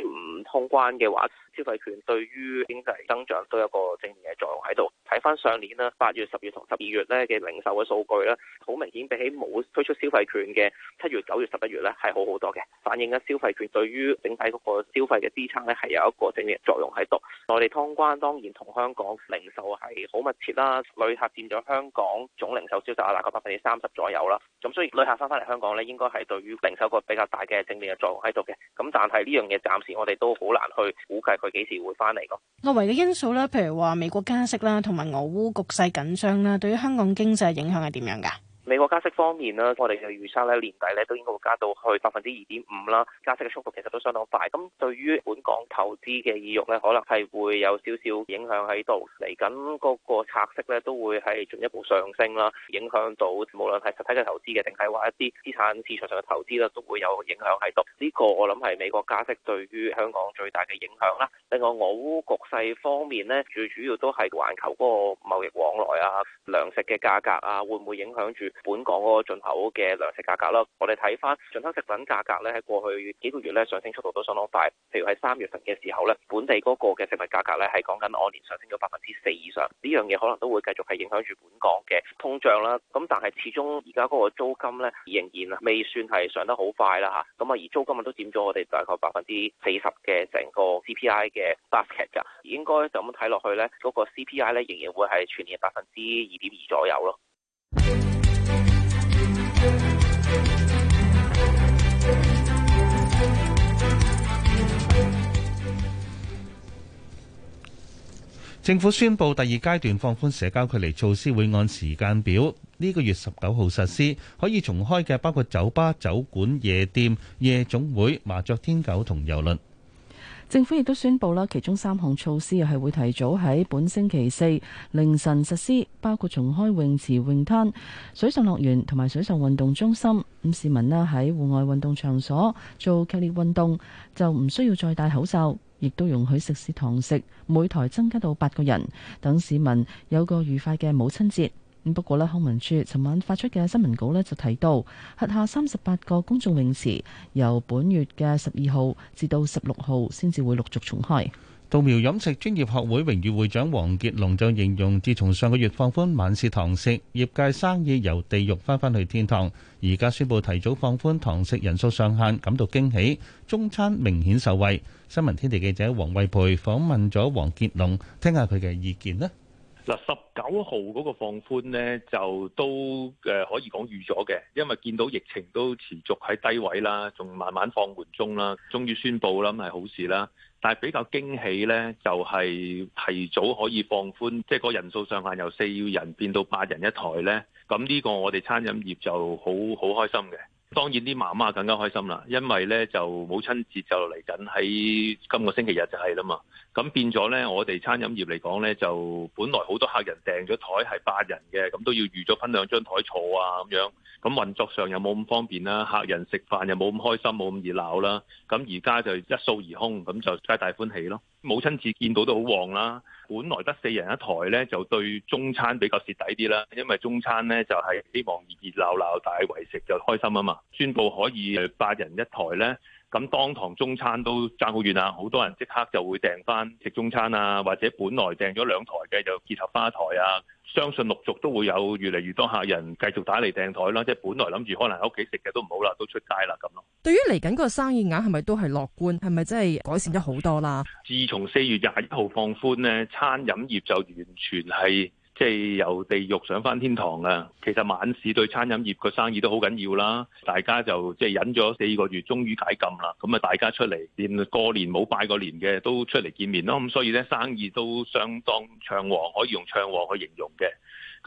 使唔通關嘅話。消費券對於經濟增長都有一個正面嘅作用喺度。睇翻上年啦，八月、十月同十二月咧嘅零售嘅數據咧，好明顯比起冇推出消費券嘅七月、九月、十一月咧係好好多嘅，反映緊消費券對於整體嗰個消費嘅支撐咧係有一個正面作用喺度。內地通關當然同香港零售係好密切啦，旅客佔咗香港總零售銷售額大概百分之三十左右啦。咁所以旅客翻翻嚟香港咧，應該係對於零售個比較大嘅正面嘅作用喺度嘅。咁但係呢樣嘢暫時我哋都好難去估計。佢幾時會翻嚟咯？外圍嘅因素咧，譬如話美國加息啦，同埋俄烏局勢緊張啦，對於香港經濟嘅影響係點樣噶？美國加息方面咧，我哋嘅預測咧，年底咧都應該會加到去百分之二點五啦。加息嘅速度其實都相當快。咁對於本港投資嘅意欲咧，可能係會有少少影響喺度。嚟緊嗰個拆息咧，都會係進一步上升啦，影響到無論係實體嘅投資嘅，定係話一啲資產市場上嘅投資啦，都會有影響喺度。呢個我諗係美國加息對於香港最大嘅影響啦。另外，俄烏局勢方面咧，最主要都係環球嗰個貿易往來啊、糧食嘅價格啊，會唔會影響住？本港嗰個進口嘅糧食價格啦，我哋睇返進口食品價格咧，喺過去幾個月咧上升速度都相當快。譬如喺三月份嘅時候咧，本地嗰個嘅食物價格咧係講緊按年上升咗百分之四以上，呢樣嘢可能都會繼續係影響住本港嘅通脹啦。咁但係始終而家嗰個租金咧仍然未算係上得好快啦嚇。咁啊，而租金啊都佔咗我哋大概百分之四十嘅成個 CPI 嘅 basket 噶，應該就咁睇落去咧，嗰個 CPI 咧仍然會係全年百分之二點二左右咯。政府宣布第二階段放寬社交距離措施會按時間表呢、這個月十九號實施，可以重開嘅包括酒吧、酒館、夜店、夜總會、麻雀天狗同郵輪。政府亦都宣布啦，其中三項措施又係會提早喺本星期四凌晨實施，包括重開泳池、泳灘、水上樂園同埋水上運動中心。咁市民呢喺戶外運動場所做劇烈運動就唔需要再戴口罩。亦都容許食肆堂食，每台增加到八個人，等市民有個愉快嘅母親節。不過呢，康文署尋晚發出嘅新聞稿呢，就提到，轄下三十八個公眾泳池由本月嘅十二號至到十六號先至會陸續重開。稻苗飲食專業學會榮譽會長黃傑龍就形容，自從上個月放寬晚市堂食，業界生意由地獄翻翻去天堂，而家宣布提早放寬堂食人數上限，感到驚喜。中餐明顯受惠。新聞天地記者王惠培訪問咗黃傑龍，聽下佢嘅意見咧。嗱，十九號嗰個放寬咧，就都誒可以講預咗嘅，因為見到疫情都持續喺低位啦，仲慢慢放緩中啦，終於宣佈啦，咁係好事啦。但係比較驚喜呢，就係提早可以放寬，即係個人數上限由四個人變到八人一台呢。咁呢個我哋餐飲業就好好開心嘅。當然啲媽媽更加開心啦，因為呢就母親節就嚟緊，喺今個星期日就係啦嘛。咁變咗呢，我哋餐飲業嚟講呢，就本來好多客人訂咗台係八人嘅，咁都要預咗分兩張台坐啊咁樣。咁運作上又冇咁方便啦，客人食飯又冇咁開心，冇咁熱鬧啦。咁而家就一掃而空，咁就皆大歡喜咯。母親節見到都好旺啦。本來得四人一台呢，就對中餐比較蝕底啲啦，因為中餐呢就係希望熱鬧鬧大圍食就開心啊嘛。宣佈可以八人一台呢。咁當堂中餐都爭好遠啊！好多人即刻就會訂翻食中餐啊，或者本來訂咗兩台嘅就結合翻一台啊！相信陸續都會有越嚟越多客人繼續打嚟訂台啦，即係本來諗住可能喺屋企食嘅都唔好啦，都出街啦咁咯。對於嚟緊個生意額係咪都係樂觀？係咪真係改善咗好多啦？自從四月廿一號放寬呢，餐飲業就完全係。即係由地獄上翻天堂啊！其實晚市對餐飲業個生意都好緊要啦。大家就即係忍咗四個月，終於解禁啦。咁啊，大家出嚟連過年冇拜過年嘅都出嚟見面咯。咁所以呢，生意都相當暢和，可以用暢和去形容嘅。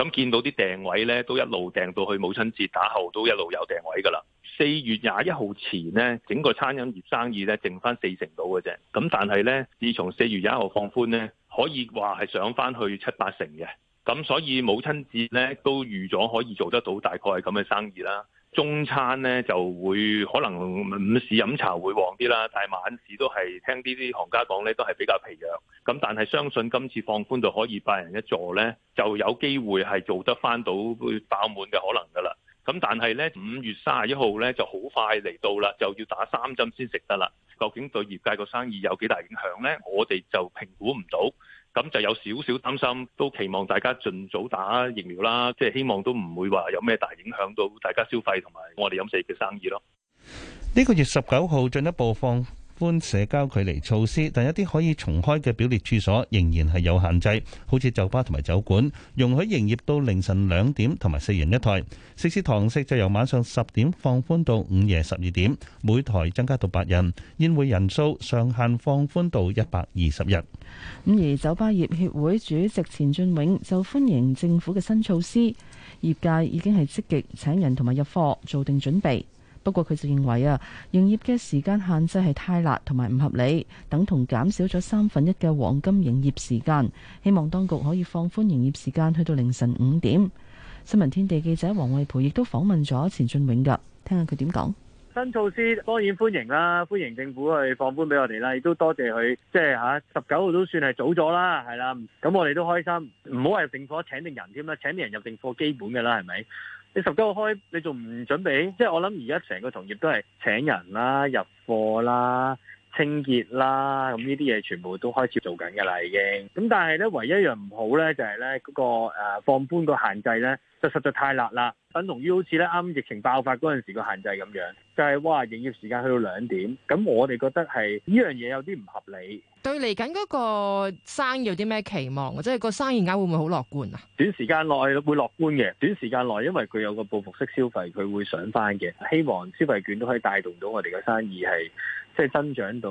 咁、嗯、見到啲訂位呢，都一路訂到去母親節打後，都一路有訂位㗎啦。四月廿一號前呢，整個餐飲業生意呢，剩翻四成度嘅啫。咁但係呢，自從四月廿一號放寬呢，可以話係上翻去七八成嘅。咁所以母親節咧都預咗可以做得到，大概係咁嘅生意啦。中餐咧就會可能午市飲茶會旺啲啦，但係晚市都係聽呢啲行家講咧都係比較疲弱。咁但係相信今次放寬到可以八人一座咧，就有機會係做得翻到會爆滿嘅可能噶啦。咁但係咧五月卅一號咧就好快嚟到啦，就要打三針先食得啦。究竟對業界個生意有幾大影響咧？我哋就評估唔到。咁就有少少擔心，都期望大家盡早打疫苗啦，即係希望都唔會話有咩大影響到大家消費同埋我哋飲食嘅生意咯。呢個月十九號進一步放寬社交距離措施，但一啲可以重開嘅表列處所仍然係有限制，好似酒吧同埋酒館，容許營業到凌晨兩點同埋四人一台；食肆堂食就由晚上十點放寬到午夜十二點，每台增加到八人；宴會人數上限放寬到一百二十日。而酒吧業協會主席錢俊永就歡迎政府嘅新措施，業界已經係積極請人同埋入貨，做定準備。不過佢就認為啊，營業嘅時間限制係太辣同埋唔合理，等同減少咗三分一嘅黃金營業時間。希望當局可以放寬營業時間，去到凌晨五點。新聞天地記者黃惠培亦都訪問咗錢俊永噶，聽下佢點講。新措施當然歡迎啦，歡迎政府去放寬俾我哋啦，亦都多謝佢，即係吓十九號都算係早咗啦，係啦，咁我哋都開心。唔好係訂貨請定人添啦，請定人入訂貨基本噶啦，係咪？你十九號開，你仲唔準備？即係我諗而家成個同業都係請人啦、入貨啦。清潔啦，咁呢啲嘢全部都開始做緊嘅啦，已經。咁但係咧，唯一一樣唔好咧，那個，就係咧嗰個放寬個限制咧，就實在太辣啦，等同於好似咧啱疫情爆發嗰陣時個限制咁樣，就係、是、哇營業時間去到兩點，咁我哋覺得係呢樣嘢有啲唔合理。對嚟緊嗰個生意有啲咩期望？即係個生意額會唔會好樂觀啊？短時間內會樂觀嘅，短時間內因為佢有個報復式消費，佢會上翻嘅。希望消費券都可以帶動到我哋嘅生意係。即係增長到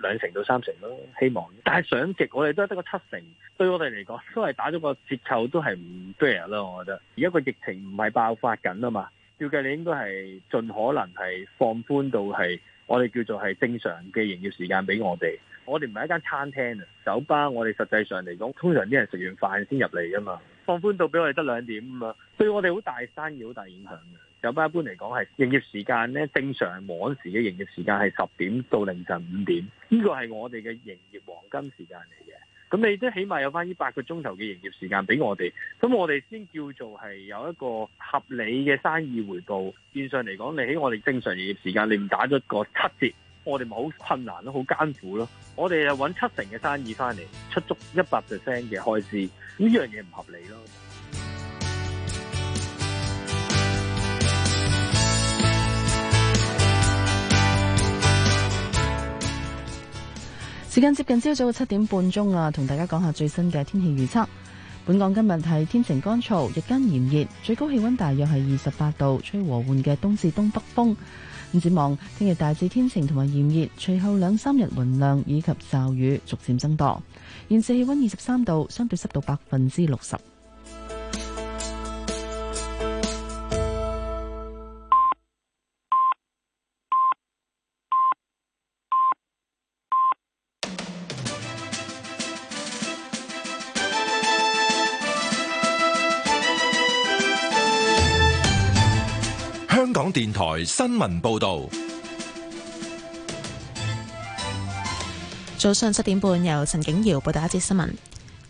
兩成到三成咯，希望。但係上極，我哋都得個七成，對我哋嚟講都係打咗個折扣，都係唔 fair 咯。我覺得而家個疫情唔係爆發緊啊嘛，要計你應該係盡可能係放寬到係我哋叫做係正常嘅營業時間俾我哋。我哋唔係一間餐廳啊，酒吧。我哋實際上嚟講，通常啲人食完飯先入嚟噶嘛。放寬到俾我哋得兩點啊嘛，對我哋好大生意，好大影響嘅。酒吧一般嚟講係營業時間咧，正常網時嘅營業時間係十點到凌晨五點，呢個係我哋嘅營業黃金時間嚟嘅。咁你都起碼有翻呢八個鐘頭嘅營業時間俾我哋，咁我哋先叫做係有一個合理嘅生意回報。變相嚟講，你喺我哋正常營業時間，你唔打咗個七折，我哋咪好困難咯，好艱苦咯。我哋就揾七成嘅生意翻嚟，出足一百 percent 嘅開支，呢樣嘢唔合理咯。時間接近朝早嘅七點半鐘啊，同大家講下最新嘅天氣預測。本港今日係天晴乾燥，日間炎熱，最高氣温大約係二十八度，吹和緩嘅東至東北風。唔展望聽日大致天晴同埋炎熱，隨後兩三日雲量以及驟雨逐漸增多。現時氣温二十三度，相對濕度百分之六十。電台新聞報道，早上七點半，由陳景瑤報道一節新聞。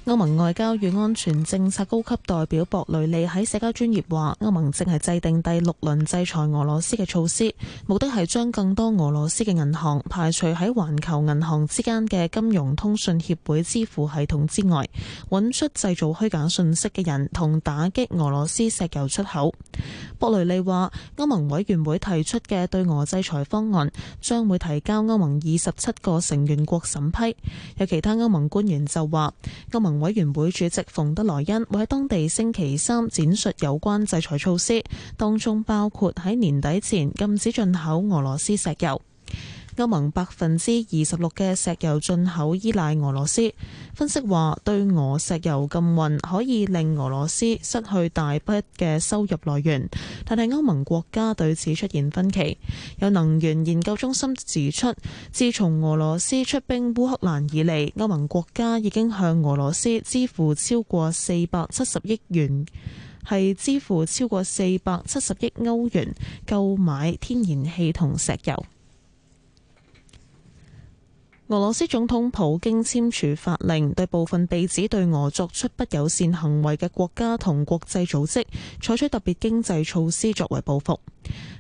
歐盟外交與安全政策高級代表博雷利喺社交專頁話：歐盟正係制定第六輪制裁俄羅斯嘅措施，目的係將更多俄羅斯嘅銀行排除喺環球銀行之間嘅金融通訊協會支付系統之外，揾出製造虛假信息嘅人同打擊俄羅斯石油出口。博雷利話：歐盟委員會提出嘅對俄制裁方案將會提交歐盟二十七個成員國審批。有其他歐盟官員就話：歐盟委員會主席馮德萊恩會喺當地星期三展述有關制裁措施，當中包括喺年底前禁止進口俄羅斯石油。歐盟百分之二十六嘅石油進口依賴俄羅斯，分析話對俄石油禁運可以令俄羅斯失去大筆嘅收入來源，但係歐盟國家對此出現分歧。有能源研究中心指出，自從俄羅斯出兵烏克蘭以嚟，歐盟國家已經向俄羅斯支付超過四百七十億元，係支付超過四百七十億歐元購買天然氣同石油。俄羅斯總統普京簽署法令，對部分被指對俄作出不友善行為嘅國家同國際組織採取特別經濟措施作為報復。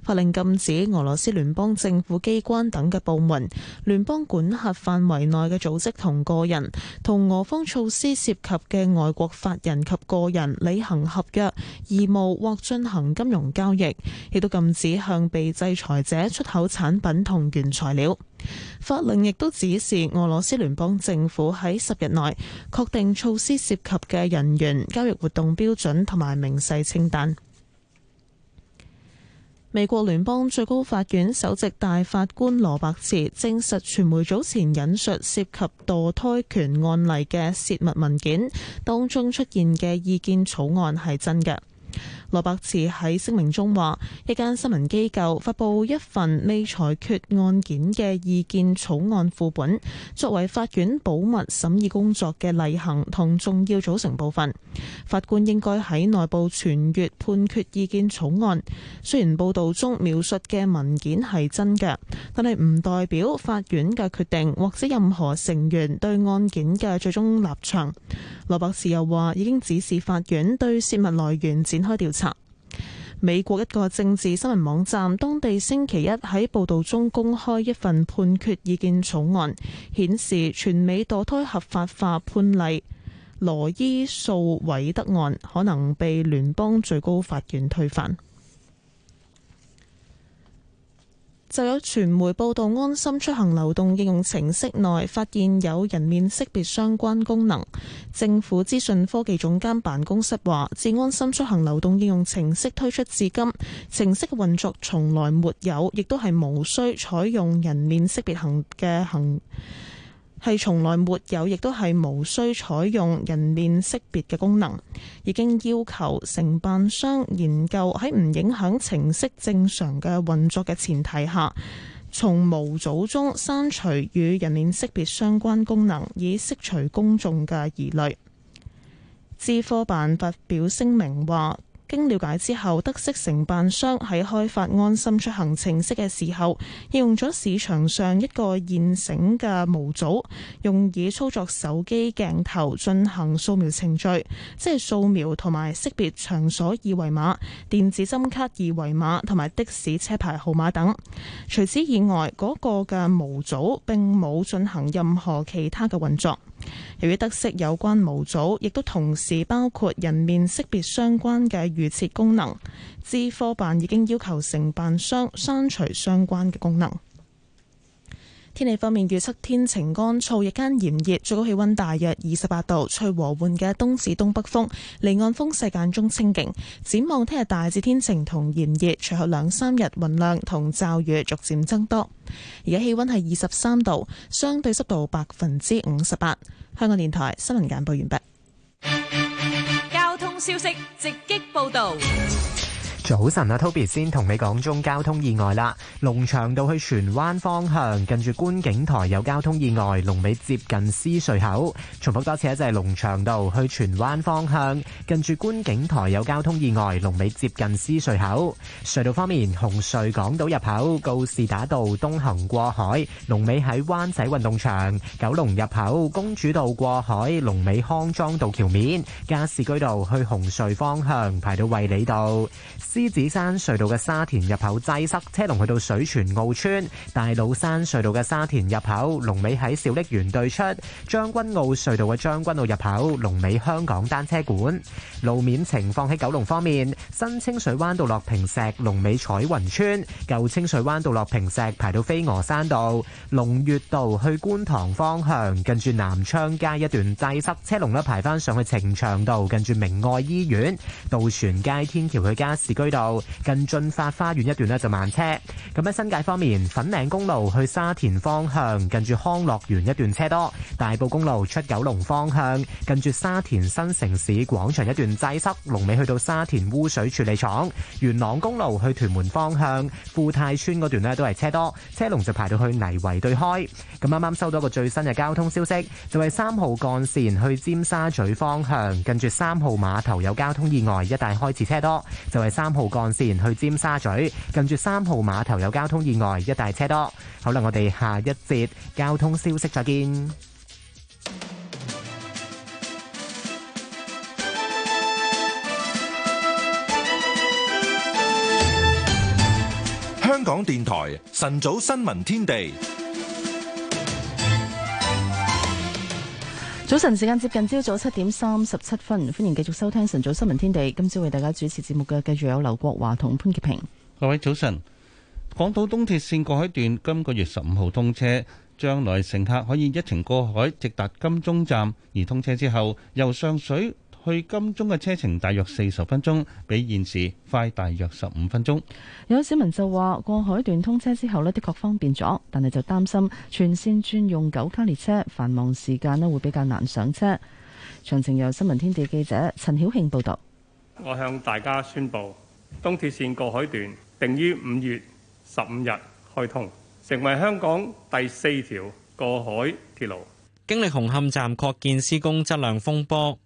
法令禁止俄羅斯聯邦政府機關等嘅部門、聯邦管轄範圍內嘅組織同個人，同俄方措施涉及嘅外國法人及個人履行合約義務或進行金融交易，亦都禁止向被制裁者出口產品同原材料。法令亦都指示俄羅斯聯邦政府喺十日內確定措施涉及嘅人員交易活動標準同埋明細清單。美國聯邦最高法院首席大法官羅伯茨證實，傳媒早前引述涉及墮胎權案例嘅泄密文件當中出現嘅意見草案係真嘅。羅伯茨喺聲明中話，一間新聞機構發佈一份未裁決案件嘅意見草案副本，作為法院保密審議工作嘅例行同重要組成部分。法官應該喺內部傳閱判決意見草案。雖然報道中描述嘅文件係真嘅，但係唔代表法院嘅決定或者任何成員對案件嘅最終立場。羅伯茨又話，已經指示法院對洩密來源展開調查。美國一個政治新聞網站，當地星期一喺報導中公開一份判決意見草案，顯示全美墮胎合法化判例羅伊訴韋德案可能被聯邦最高法院推翻。就有傳媒報道，安心出行流動應用程式內發現有人面識別相關功能。政府資訊科技總監辦公室話：自安心出行流動應用程式推出至今，程式嘅運作從來沒有，亦都係無需採用人面識別行嘅行。係從來沒有，亦都係無需採用人臉識別嘅功能，已經要求承辦商研究喺唔影響程式正常嘅運作嘅前提下，從模組中刪除與人臉識別相關功能，以釋除公眾嘅疑慮。資科辦發表聲明話。經了解之後，得悉承辦商喺開發安心出行程式嘅時候，應用咗市場上一個現成嘅模組，用以操作手機鏡頭進行掃描程序，即係掃描同埋識別場所二維碼、電子針卡二維碼同埋的士車牌號碼等。除此以外，嗰、那個嘅模組並冇進行任何其他嘅運作。由於得悉有關模組，亦都同時包括人面識別相關嘅預設功能，資科辦已經要求承辦商刪除相關嘅功能。天氣方面，預測天晴乾燥日間，日間炎熱，最高氣溫大約二十八度，吹和緩嘅東至東北風，離岸風勢間中清勁。展望聽日大致天晴同炎熱，隨後兩三日雲量同驟雨逐漸增多。而家氣溫係二十三度，相對濕度百分之五十八。香港電台新聞簡報完畢。交通消息直擊報道。早晨啊，Toby 先同你講中交通意外啦。龍翔道去荃灣方向，近住觀景台有交通意外，龍尾接近獅隧口。重複多次啊，就係龍翔道去荃灣方向，近住觀景台有交通意外，龍尾接近獅隧口。隧道方面，紅隧港島入口告士打道東行過海，龍尾喺灣仔運動場；九龍入口公主道過海，龍尾康莊道橋面；加士居道去紅隧方向排到衛理道。C 獅子山隧道嘅沙田入口擠塞，車龍去到水泉澳村；大老山隧道嘅沙田入口，龍尾喺小瀝源對出；將軍澳隧道嘅將軍澳入口，龍尾香港單車館。路面情況喺九龍方面，新清水灣道落平石，龍尾彩雲村；舊清水灣道落平石，排到飛鵝山道；龍翔道去觀塘方向，近住南昌街一段擠塞，車龍咧排翻上去呈祥道，近住明愛醫院；渡船街天橋去加士居去到近駿發花園一段咧就慢車，咁喺新界方面，粉嶺公路去沙田方向近住康樂園一段車多；大埔公路出九龍方向近住沙田新城市廣場一段擠塞，龍尾去到沙田污水處理廠；元朗公路去屯門方向富泰村嗰段咧都係車多，車龍就排到去泥圍對開。咁啱啱收到一個最新嘅交通消息，就係三號幹綫去尖沙咀方向近住三號碼頭有交通意外，一帶開始車多，就係三。號幹線去尖沙咀，近住三號碼頭有交通意外，一帶車多。好啦，我哋下一節交通消息，再見。香港電台晨早新聞天地。早晨，時間接近朝早七點三十七分，歡迎繼續收聽晨早新聞天地。今朝為大家主持節目嘅，繼續有劉國華同潘潔平。各位早晨，港島東鐵線過海段今個月十五號通車，將來乘客可以一程過海直達金鐘站。而通車之後，由上水，去金鐘嘅車程大約四十分鐘，比現時快大約十五分鐘。有市民就話過海段通車之後呢，的確方便咗，但係就擔心全線專用九卡列車繁忙時間呢會比較難上車。詳情由新聞天地記者陳曉慶報道。我向大家宣布，東鐵線過海段定於五月十五日開通，成為香港第四條過海鐵路。經歷紅磡站擴建施工質量風波。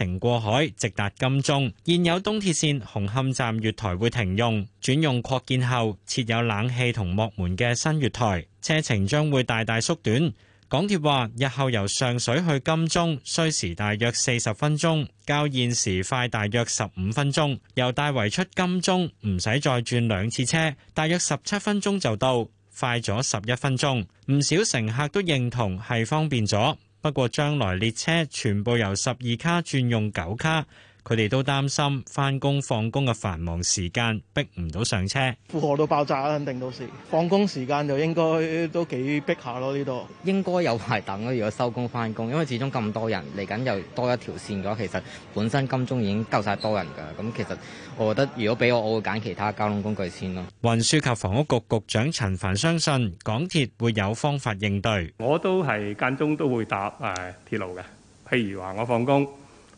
停過海直達金鐘，現有東鐵線紅磡站月台會停用，轉用擴建後設有冷氣同幕門嘅新月台，車程將會大大縮短。港鐵話日後由上水去金鐘，需時大約四十分鐘，較現時快大約十五分鐘；由大圍出金鐘，唔使再轉兩次車，大約十七分鐘就到，快咗十一分鐘。唔少乘客都認同係方便咗。不過，將來列車全部由十二卡轉用九卡。佢哋都擔心翻工放工嘅繁忙時間逼唔到上車，負荷都爆炸喇，肯定到時。放工時間就應該都幾逼下咯，呢度應該有排等咯。如果收工翻工，因為始終咁多人嚟緊又多一條線咗，其實本身金鐘已經夠晒多人㗎。咁其實我覺得，如果俾我，我會揀其他交通工具先咯。運輸及房屋局局長陳帆相信港鐵會有方法應對。我都係間中都會搭誒、啊、鐵路嘅，譬如話我放工，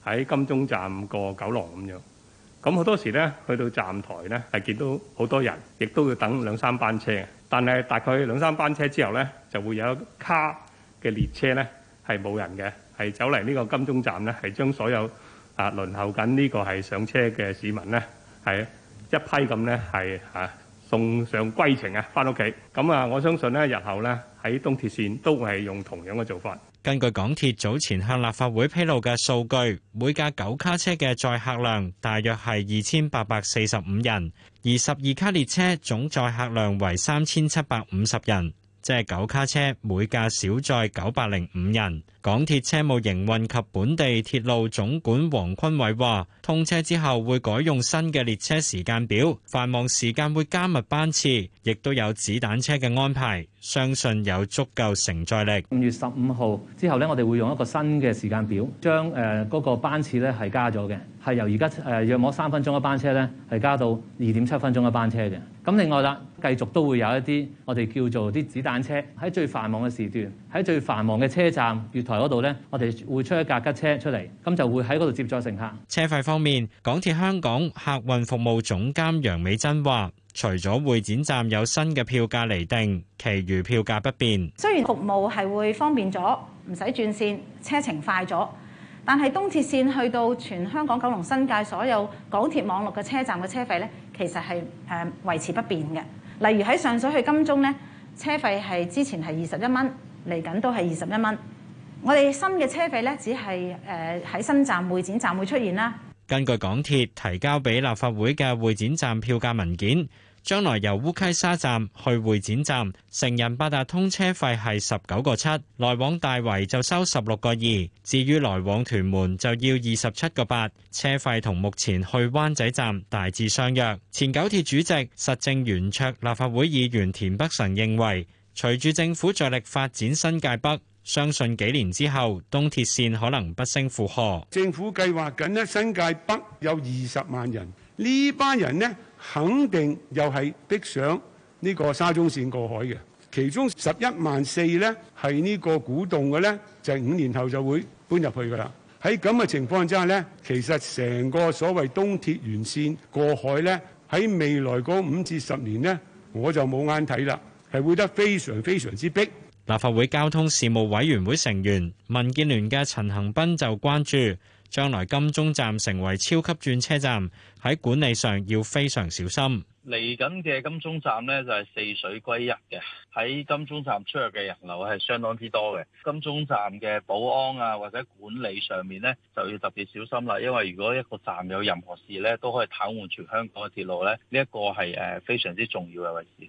喺金鐘站過九龍咁樣，咁好多時咧去到站台咧係見到好多人，亦都要等兩三班車。但係大概兩三班車之後咧，就會有一卡嘅列車咧係冇人嘅，係走嚟呢個金鐘站咧係將所有啊輪候緊呢個係上車嘅市民咧係一批咁咧係啊送上歸程啊，翻屋企。咁啊，我相信咧日後咧喺東鐵線都會係用同樣嘅做法。根據港鐵早前向立法會披露嘅數據，每架九卡車嘅載客量大約係二千八百四十五人，而十二卡列車總載客量為三千七百五十人，即係九卡車每架少載九百零五人。港鐵車務營運及本地鐵路總管黃坤偉話，通車之後會改用新嘅列車時間表，繁忙時間會加密班次，亦都有子彈車嘅安排，相信有足夠承載力。五月十五號之後呢，我哋會用一個新嘅時間表，將誒嗰個班次呢係加咗嘅，係由而家誒約摸三分鐘一班車呢，係加到二點七分鐘一班車嘅。咁另外啦，繼續都會有一啲我哋叫做啲子彈車，喺最繁忙嘅時段，喺最繁忙嘅車站，台嗰度咧，我哋會出一架吉車出嚟，咁就會喺嗰度接載乘客。車費方面，港鐵香港客運服務總監楊美珍話，除咗會展站有新嘅票價嚟定，其餘票價不變，雖然服務係會方便咗，唔使轉綫，車程快咗，但係東鐵綫去到全香港九龍新界所有港鐵網絡嘅車站嘅車費咧，其實，係誒維持不變嘅。例如喺上水去金鐘咧，車費係之前係二十一蚊，嚟緊都係二十一蚊。我哋新嘅車費咧，只係誒喺新站會展站會出現啦。根據港鐵提交俾立法會嘅會展站票價文件，將來由烏溪沙站去會展站，成人八達通車費係十九個七，來往大圍就收十六個二。至於來往屯門就要二十七個八，車費同目前去灣仔站大致相若。前九鐵主席、實政圓桌立法會議員田北辰認為，隨住政府著力發展新界北。相信幾年之後，東鐵線可能不勝負荷。政府計劃緊咧，新界北有二十萬人，呢班人呢，肯定又係逼上呢個沙中線過海嘅。其中十一萬四咧係呢個古洞嘅咧，就五年後就會搬入去噶啦。喺咁嘅情況之下咧，其實成個所謂東鐵沿線過海咧，喺未來嗰五至十年咧，我就冇眼睇啦，係會得非常非常之逼。立法會交通事務委員會成員民建聯嘅陳恒鑌就關注將來金鐘站成為超級轉車站，喺管理上要非常小心。嚟緊嘅金鐘站呢，就係四水歸一嘅，喺金鐘站出入嘅人流係相當之多嘅。金鐘站嘅保安啊或者管理上面呢，就要特別小心啦，因為如果一個站有任何事呢，都可以癱瘓住香港嘅鐵路呢。呢一個係誒非常之重要嘅位置。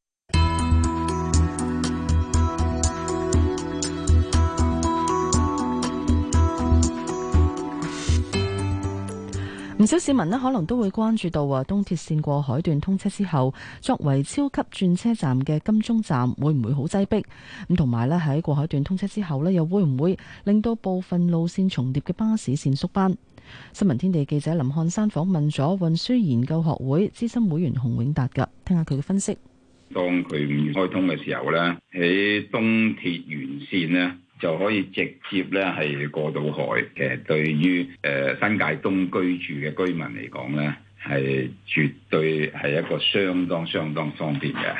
唔少市民咧，可能都會關注到啊，東鐵線過海段通車之後，作為超級轉車站嘅金鐘站會唔會好擠迫？咁同埋呢，喺過海段通車之後咧，又會唔會令到部分路線重疊嘅巴士線縮班？新聞天地記者林漢山訪問咗運輸研究學會資深會員洪永達嘅，聽下佢嘅分析。當佢唔開通嘅時候，呢喺東鐵沿線咧，就可以直接咧係過到海嘅，其實對於誒、呃、新界東居住嘅居民嚟講咧，係絕對係一個相當相當方便嘅。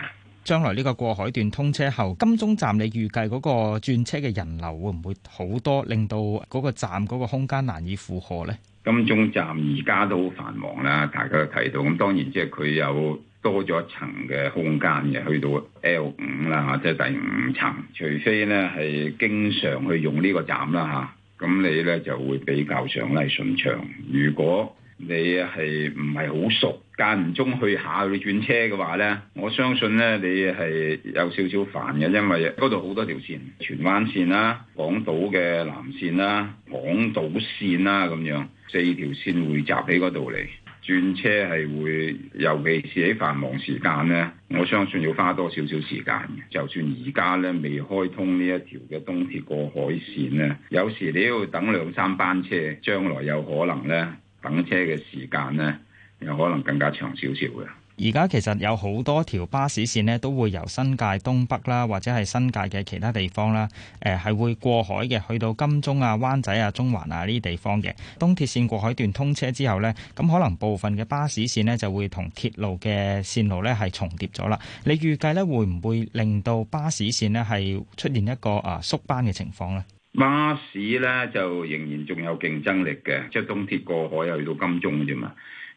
將來呢個過海段通車後，金鐘站你預計嗰個轉車嘅人流會唔會好多，令到嗰個站嗰個空間難以負荷呢？金鐘站而家都好繁忙啦，大家都睇到咁，當然即係佢有。多咗一層嘅空間嘅，去到 L 五啦嚇，即係第五層。除非呢係經常去用呢個站啦嚇，咁你呢就會比較上嚟順暢。如果你係唔係好熟，間唔中去下你轉車嘅話呢，我相信呢你係有少少煩嘅，因為嗰度好多條線，荃灣線啦、港島嘅南線啦、港島線啦咁樣四條線匯集喺個度嚟。轉車係會，尤其是喺繁忙時間呢，我相信要花多少少時間嘅。就算而家咧未開通呢一條嘅東鐵過海線呢，有時你要等兩三班車，將來有可能呢，等車嘅時間呢，有可能更加長少少嘅。而家其實有好多條巴士線咧，都會由新界東北啦，或者係新界嘅其他地方啦，誒、呃、係會過海嘅，去到金鐘啊、灣仔啊、中環啊呢啲地方嘅。東鐵線過海段通車之後呢，咁可能部分嘅巴士線咧就會同鐵路嘅線路咧係重疊咗啦。你預計咧會唔會令到巴士線咧係出現一個啊縮班嘅情況呢？巴士呢就仍然仲有競爭力嘅，即係東鐵過海又去到金鐘啫嘛。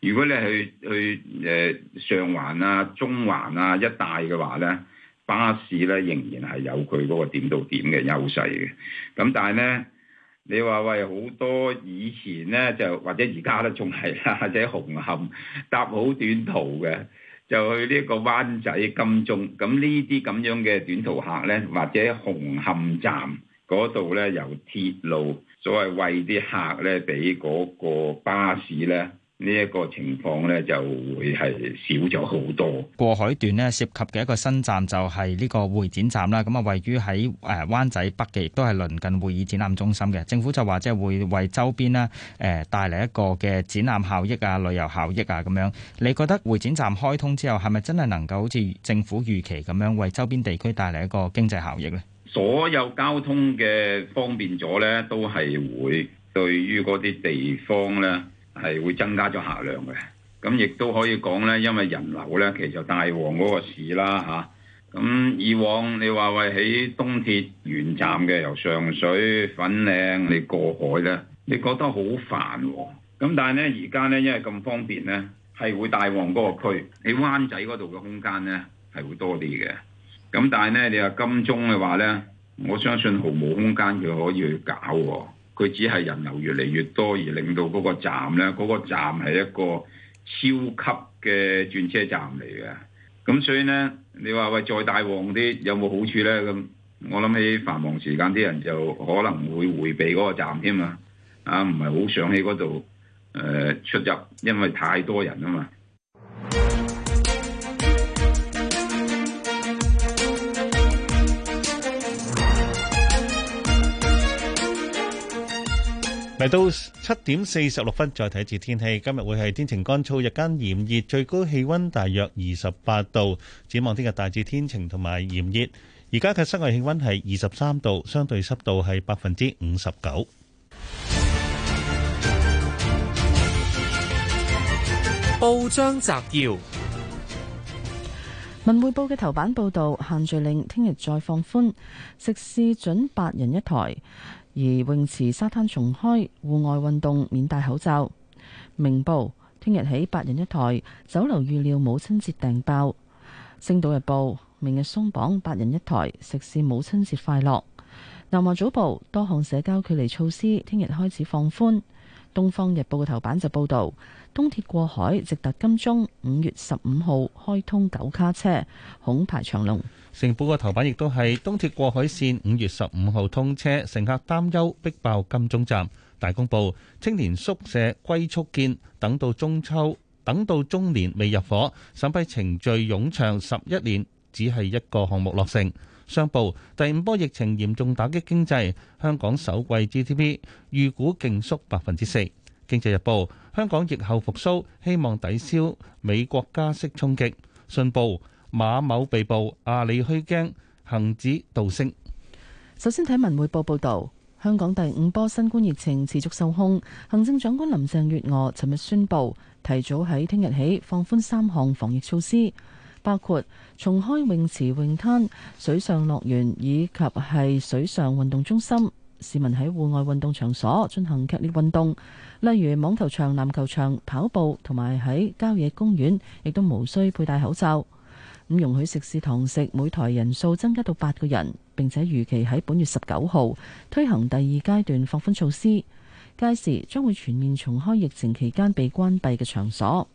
如果你係去誒、呃、上環啊、中環啊一帶嘅話咧，巴士咧仍然係有佢嗰個點到點嘅優勢嘅。咁但係咧，你話喂，好多以前咧就或者而家咧仲係或者紅磡搭好短途嘅，就去呢個灣仔金鐘。咁呢啲咁樣嘅短途客咧，或者紅磡站嗰度咧，由鐵路所謂為啲客咧，俾嗰個巴士咧。呢一個情況呢，就會係少咗好多。過海段呢，涉及嘅一個新站就係呢個會展站啦。咁啊，位於喺誒灣仔北嘅，亦都係鄰近會議展覽中心嘅。政府就話即係會為周邊呢誒帶嚟一個嘅展覽效益啊、旅遊效益啊咁樣。你覺得會展站開通之後，係咪真係能夠好似政府預期咁樣，為周邊地區帶嚟一個經濟效益呢？所有交通嘅方便咗呢，都係會對於嗰啲地方呢。係會增加咗客量嘅，咁亦都可以講呢，因為人流呢，其實大旺嗰個市啦嚇，咁、啊、以往你話喂喺東鐵沿站嘅由上水粉嶺你過海呢，你覺得好煩喎，咁但係呢，而家呢，因為咁方便呢，係會大旺嗰個區喺灣仔嗰度嘅空間呢，係會多啲嘅，咁但係呢，你話金鐘嘅話呢，我相信毫無空間佢可以去搞、哦。佢只係人流越嚟越多，而令到嗰個站呢，嗰個站係一個超級嘅轉車站嚟嘅。咁所以呢，你話喂再大旺啲有冇好處呢？咁我諗起繁忙時間啲人就可能會迴避嗰個站添啊，啊唔係好想喺嗰度誒出入，因為太多人啊嘛。嚟到七點四十六分，再睇次天氣。今日會係天晴乾燥，日間炎熱，最高氣溫大約二十八度。展望聽日大致天晴同埋炎熱。而家嘅室外氣溫係二十三度，相對濕度係百分之五十九。報章摘要：文匯報嘅頭版報道，限聚令聽日再放寬，食肆准八人一台。而泳池、沙灘重開，戶外運動免戴口罩。明報聽日起八人一台，酒樓預料母親節訂爆。星島日報明日鬆綁八人一台，食肆母親節快樂。南華早報多項社交距離措施聽日開始放寬。東方日報嘅頭版就報導。東鐵過海直達金鐘，五月十五號開通九卡車，恐排長龍。成報嘅頭版亦都係東鐵過海線五月十五號通車，乘客擔憂逼爆金鐘站。大公報青年宿舍龜速建，等到中秋，等到中年未入伙，審批程序冗長十一年，只係一個項目落成。商報第五波疫情嚴重打擊經濟，香港首季 GDP 預估勁縮百分之四。《經濟日報》香港疫後復甦，希望抵消美國加息衝擊。信報，馬某被捕，阿里虛驚，恆指倒升。首先睇文匯報報導，香港第五波新冠疫情持續受控。行政長官林鄭月娥尋日宣布，提早喺聽日起放寬三項防疫措施，包括重開泳池、泳灘、水上樂園以及係水上運動中心。市民喺戶外運動場所進行劇烈運動，例如網球場、籃球場、跑步，同埋喺郊野公園，亦都無需佩戴口罩。咁容許食肆堂食，每台人數增加到八個人，並且預期喺本月十九號推行第二階段放寬措施，屆時將會全面重開疫情期間被關閉嘅場所。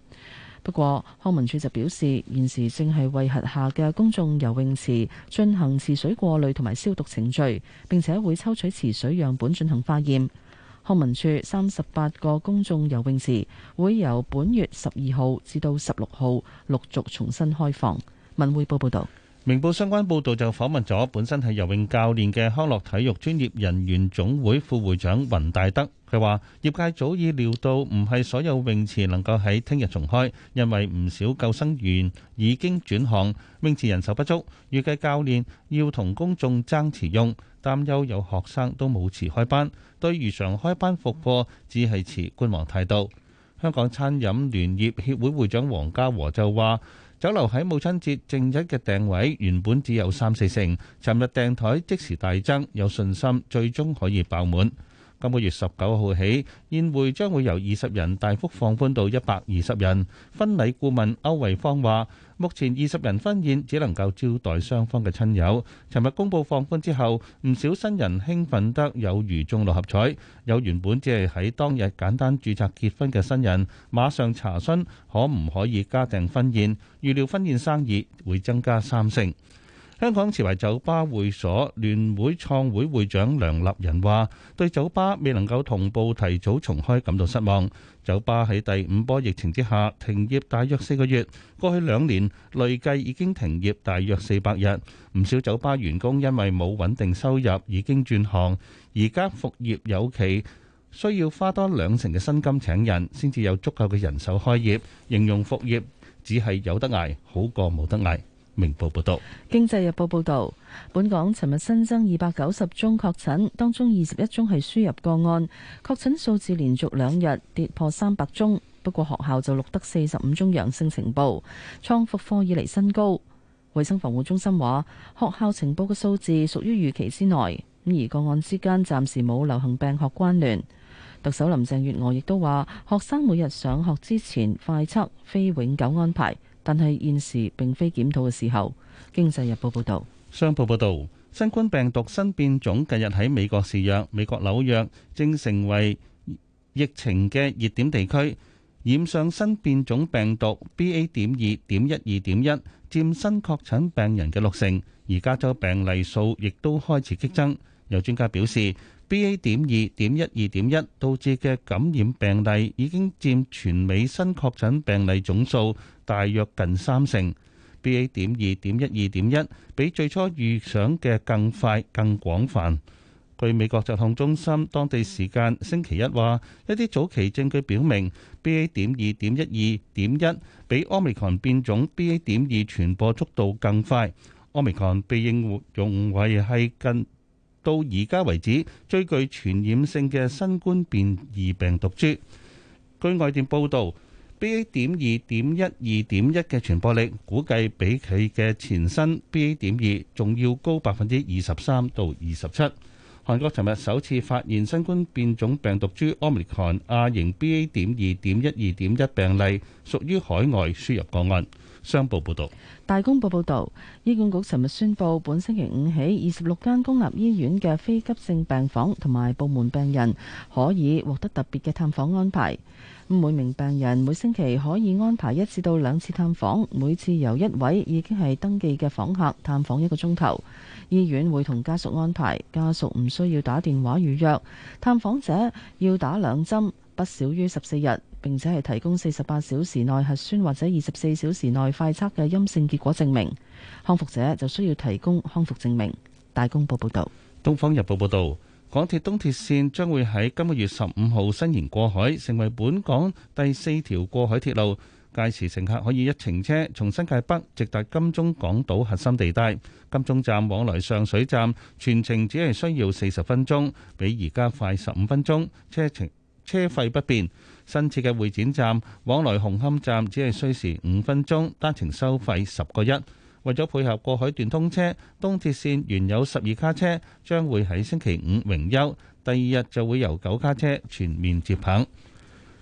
不過，康文署就表示，現時正係為轄下嘅公眾游泳池進行池水過濾同埋消毒程序，並且會抽取池水樣本進行化驗。康文署三十八個公眾游泳池會由本月十二號至到十六號陸續重新開放。文匯報報道，明報相關報導就訪問咗本身係游泳教練嘅康樂體育專業人員總會副會長文大德。佢話：業界早已料到，唔係所有泳池能夠喺聽日重開，因為唔少救生員已經轉行，泳池人手不足，預計教練要同公眾爭池用，擔憂有學生都冇池開班，對如常開班復課只係持觀望態度。香港餐飲聯業協會會,會長黃家和就話：酒樓喺母親節正日嘅訂位原本只有三四成，尋日訂枱即時大增，有信心最終可以爆滿。今個月十九號起，宴會將會由二十人大幅放寬到一百二十人。婚禮顧問歐維芳話，目前二十人婚宴只能夠招待雙方嘅親友。尋日公佈放寬之後，唔少新人興奮得有如中六合彩，有原本只係喺當日簡單註冊結婚嘅新人，馬上查詢可唔可以加訂婚宴。預料婚宴生意會增加三成。香港持牌酒吧會所聯會創會會長梁立仁話：對酒吧未能夠同步提早重開感到失望。酒吧喺第五波疫情之下停業大約四個月，過去兩年累計已經停業大約四百日。唔少酒吧員工因為冇穩定收入已經轉行，而家復業有期，需要花多兩成嘅薪金請人先至有足夠嘅人手開業。形容復業只係有得捱，好過冇得捱。明報報道，《經濟日報》報道，本港尋日新增二百九十宗確診，當中二十一宗係輸入個案，確診數字連續兩日跌破三百宗。不過學校就錄得四十五宗陽性情報，創復課以嚟新高。衛生防護中心話，學校呈報嘅數字屬於預期之內，因而個案之間暫時冇流行病學關聯。特首林鄭月娥亦都話，學生每日上學之前快測，非永久安排。但係現時並非檢討嘅時候。經濟日報報道，商報報道，新冠病毒新變種近日喺美國肆虐，美國紐約正成為疫情嘅熱點地區，染上新變種病毒 BA. 點二點一二點一佔新確診病人嘅六成，而加州病例數亦都開始激增。有專家表示。B. A. 點二點一二點一導致嘅感染病例已經佔全美新確診病例總數大約近三成。B. A. 點二點一二點一比最初預想嘅更快、更廣泛。據美國疾控中心當地時間星期一話，一啲早期證據表明，B. A. 點二點一二點一比奧密克戎變種 B. A. 點二傳播速度更快。奧密克戎被應用為係更到而家為止，最具傳染性嘅新冠變異病毒株。據外電報道，BA. 點二點一二點一嘅傳播力估計比佢嘅前身 BA. 點二仲要高百分之二十三到二十七。韓國尋日首次發現新冠變種病毒株奧密克戎亞型 BA. 點二點一二點一病例，屬於海外輸入個案。商報報道，大公報報道，醫管局尋日宣布，本星期五起，二十六間公立醫院嘅非急性病房同埋部門病人可以獲得特別嘅探訪安排。每名病人每星期可以安排一次到兩次探訪，每次由一位已經係登記嘅訪客探訪一個鐘頭。醫院會同家屬安排，家屬唔需要打電話預約，探訪者要打兩針，不少於十四日，並且係提供四十八小時內核酸或者二十四小時內快測嘅陰性結果證明。康復者就需要提供康復證明。大公報報導，《東方日報》報導，港鐵東鐵線將會喺今個月十五號伸延過海，成為本港第四條過海鐵路。屆時乘客可以一程車從新界北直達金鐘港島核心地帶，金鐘站往來上水站，全程只係需要四十分鐘，比而家快十五分鐘。車程車費不變，新設嘅會展站往來紅磡站只係需時五分鐘，單程收費十個一。為咗配合過海段通車，東鐵線原有十二卡車將會喺星期五榮休，第二日就會由九卡車全面接棒。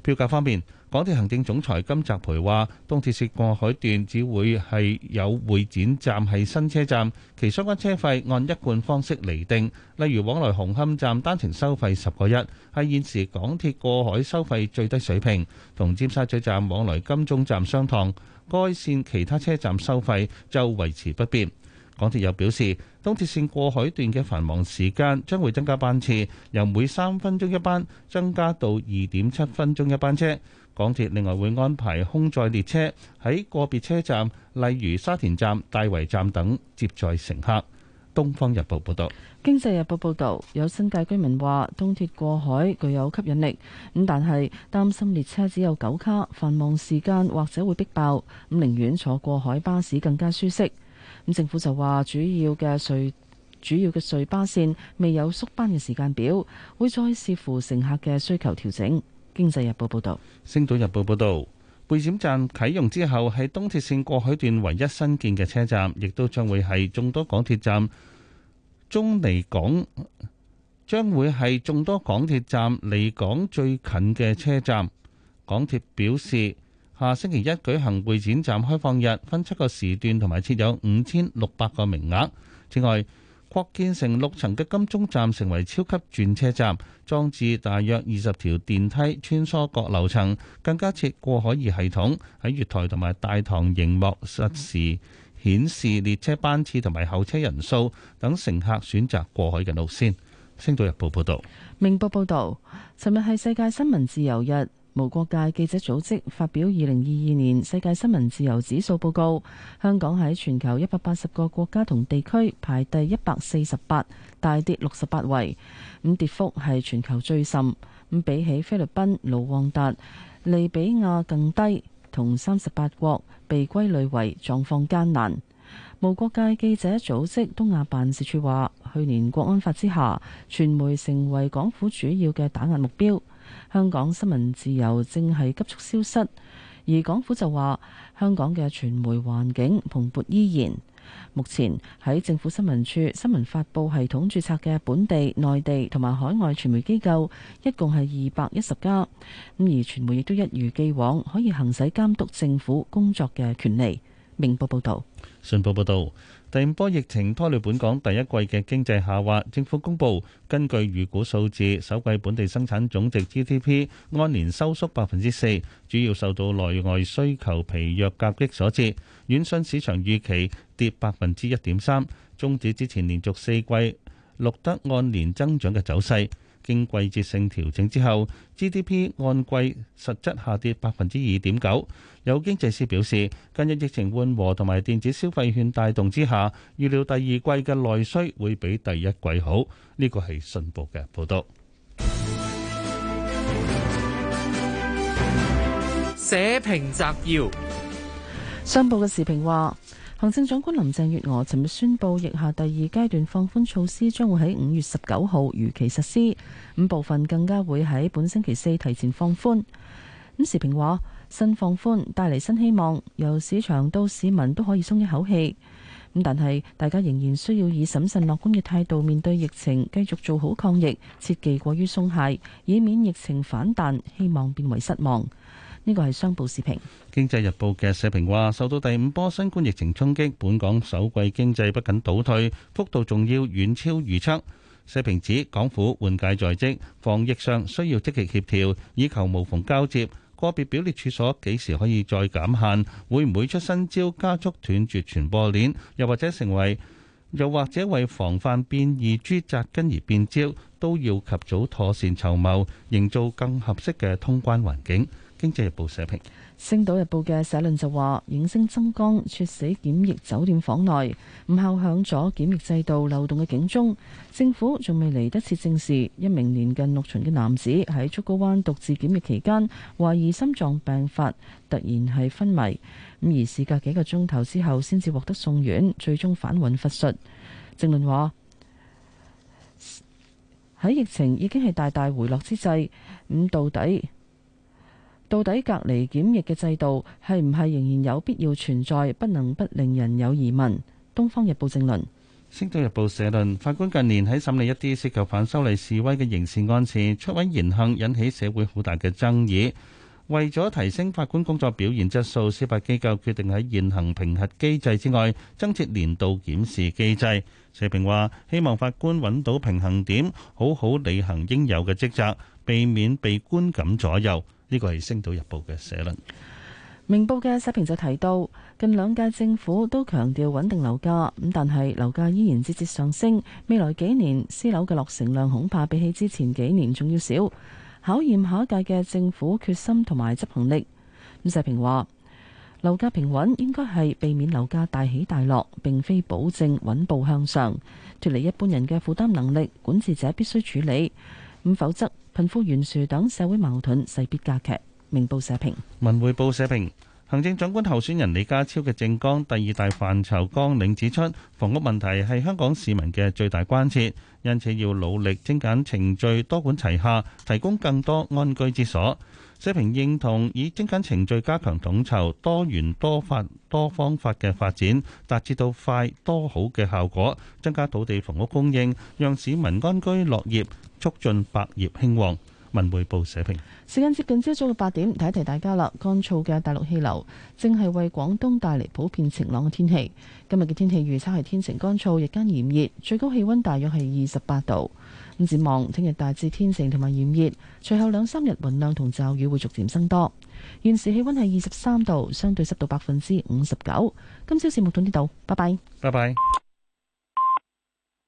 票價方面。港鐵行政總裁金澤培話：東鐵線過海段只會係有會展站係新車站，其相關車費按一貫方式釐定，例如往來紅磡站單程收費十個一，係現時港鐵過海收費最低水平，同尖沙咀站往來金鐘站相同。該線其他車站收費就維持不變。港鐵又表示，東鐵線過海段嘅繁忙時間將會增加班次，由每三分鐘一班增加到二點七分鐘一班車。港鐵另外會安排空載列車喺個別車站，例如沙田站、大圍站等接載乘客。《東方日報》報導，《經濟日報》報導，有新界居民話東鐵過海具有吸引力，咁但係擔心列車只有九卡，繁忙時間或者會逼爆，咁寧願坐過海巴士更加舒適。咁政府就話主要嘅隧主要嘅隧巴線未有縮班嘅時間表，會再視乎乘客嘅需求調整。《經濟日報》報導，《星島日報》報導，會展站啟用之後，係東鐵線過海段唯一新建嘅車站，亦都將會係眾多港鐵站中離港，將會係眾多港鐵站離港最近嘅車站。港鐵表示，下星期一舉行會展站開放日，分七個時段同埋設有五千六百個名額。此外，擴建成六層嘅金鐘站，成為超級轉車站，裝置大約二十條電梯，穿梭各樓層，更加設過海儀系統喺月台同埋大堂熒幕實時顯示列車班次同埋候車人數等，乘客選擇過海嘅路線。星島日報報道。明報報道，尋日係世界新聞自由日。無國界記者組織發表二零二二年世界新聞自由指數報告，香港喺全球一百八十個國家同地區排第一百四十八，大跌六十八位，咁跌幅係全球最甚。咁比起菲律賓、盧旺達、利比亞更低，同三十八國被歸類為狀況艱難。無國界記者組織東亞辦事處話，去年國安法之下，傳媒成為港府主要嘅打壓目標。香港新聞自由正係急速消失，而港府就話香港嘅傳媒環境蓬勃依然。目前喺政府新聞處新聞發佈系統註冊嘅本地、內地同埋海外傳媒機構，一共係二百一十家。咁而傳媒亦都一如既往可以行使監督政府工作嘅權利。明報報道，信報報道。第五波疫情拖累本港第一季嘅經濟下滑。政府公布根據預估數字，首季本地生產總值 GDP 按年收縮百分之四，主要受到內外需求疲弱夾擊所致。軟信市場預期跌百分之一點三，終止之前連續四季錄得按年增長嘅走勢。經季節性調整之後，GDP 按季實質下跌百分之二點九。有經濟師表示，近日疫情緩和同埋電子消費券帶動之下，預料第二季嘅內需會比第一季好。呢、這個係信報嘅報道。社評摘要，商報嘅時評話。行政長官林鄭月娥尋日宣布，疫下第二階段放寬措施將會喺五月十九號如期實施，咁部分更加會喺本星期四提前放寬。咁時評話，新放寬帶嚟新希望，由市場到市民都可以鬆一口氣。咁但係大家仍然需要以審慎樂觀嘅態度面對疫情，繼續做好抗疫，切忌過於鬆懈，以免疫情反彈，希望變為失望。呢個係商報視頻，《經濟日報》嘅社評話，受到第五波新冠疫情衝擊，本港首季經濟不僅倒退，幅度仲要遠超預測。社評指港府換屆在即，防疫上需要積極協調，以求無縫交接。個別表列處所幾時可以再減限？會唔會出新招加速斷絕傳播鏈？又或者成為又或者為防範變異株扎根而變招，都要及早妥善籌謀，營造更合適嘅通關環境。《經濟日報》社評，《星島日報》嘅社論就話：影星曾江，猝死檢疫酒店房內，唔效響咗檢疫制度漏洞嘅警鐘。政府仲未嚟得切正視。一名年近六旬嘅男子喺竹篙灣獨自檢疫期間，懷疑心臟病發，突然係昏迷。咁而事隔幾個鐘頭之後，先至獲得送院，最終返魂乏術。社論話：喺疫情已經係大大回落之際，咁到底？到底隔離檢疫嘅制度係唔係仍然有必要存在？不能不令人有疑問。《東方日報》正論，《星島日報》社論：法官近年喺審理一啲涉及反修例示威嘅刑事案件，出位言行引起社會好大嘅爭議。為咗提升法官工作表現質素，司法機構決定喺現行評核機制之外，增設年度檢視機制。社評話：希望法官揾到平衡點，好好履行應有嘅職責，避免被觀感左右。呢個係《星島日報》嘅社論，《明報》嘅社評就提到，近兩屆政府都強調穩定樓價，咁但係樓價依然節節上升。未來幾年私樓嘅落成量恐怕比起之前幾年仲要少，考驗下一屆嘅政府決心同埋執行力。咁社評話樓價平穩應該係避免樓價大起大落，並非保證穩步向上。脫離一般人嘅負擔能力，管治者必須處理，咁否則。貧富懸殊等社會矛盾勢必加劇。明報社評。文匯報社評。行政長官候選人李家超嘅政綱第二大範疇綱領指出，房屋問題係香港市民嘅最大關切，因此要努力精簡程序、多管齊下，提供更多安居之所。社評認同，以精簡程序加強統籌，多元多法多方法嘅發展，達至到快多好嘅效果，增加土地房屋供應，讓市民安居樂業。促進百業興旺。文匯報社評。時間接近朝早嘅八點，提一提大家啦。乾燥嘅大陸氣流正係為廣東帶嚟普遍晴朗嘅天氣。今日嘅天氣預測係天晴乾燥，日間炎熱，最高氣溫大約係二十八度。咁展望聽日大致天晴同埋炎熱，隨後兩三日雲量同驟雨會逐漸增多。現時氣溫係二十三度，相對濕度百分之五十九。今朝節目到呢度，拜拜。拜拜。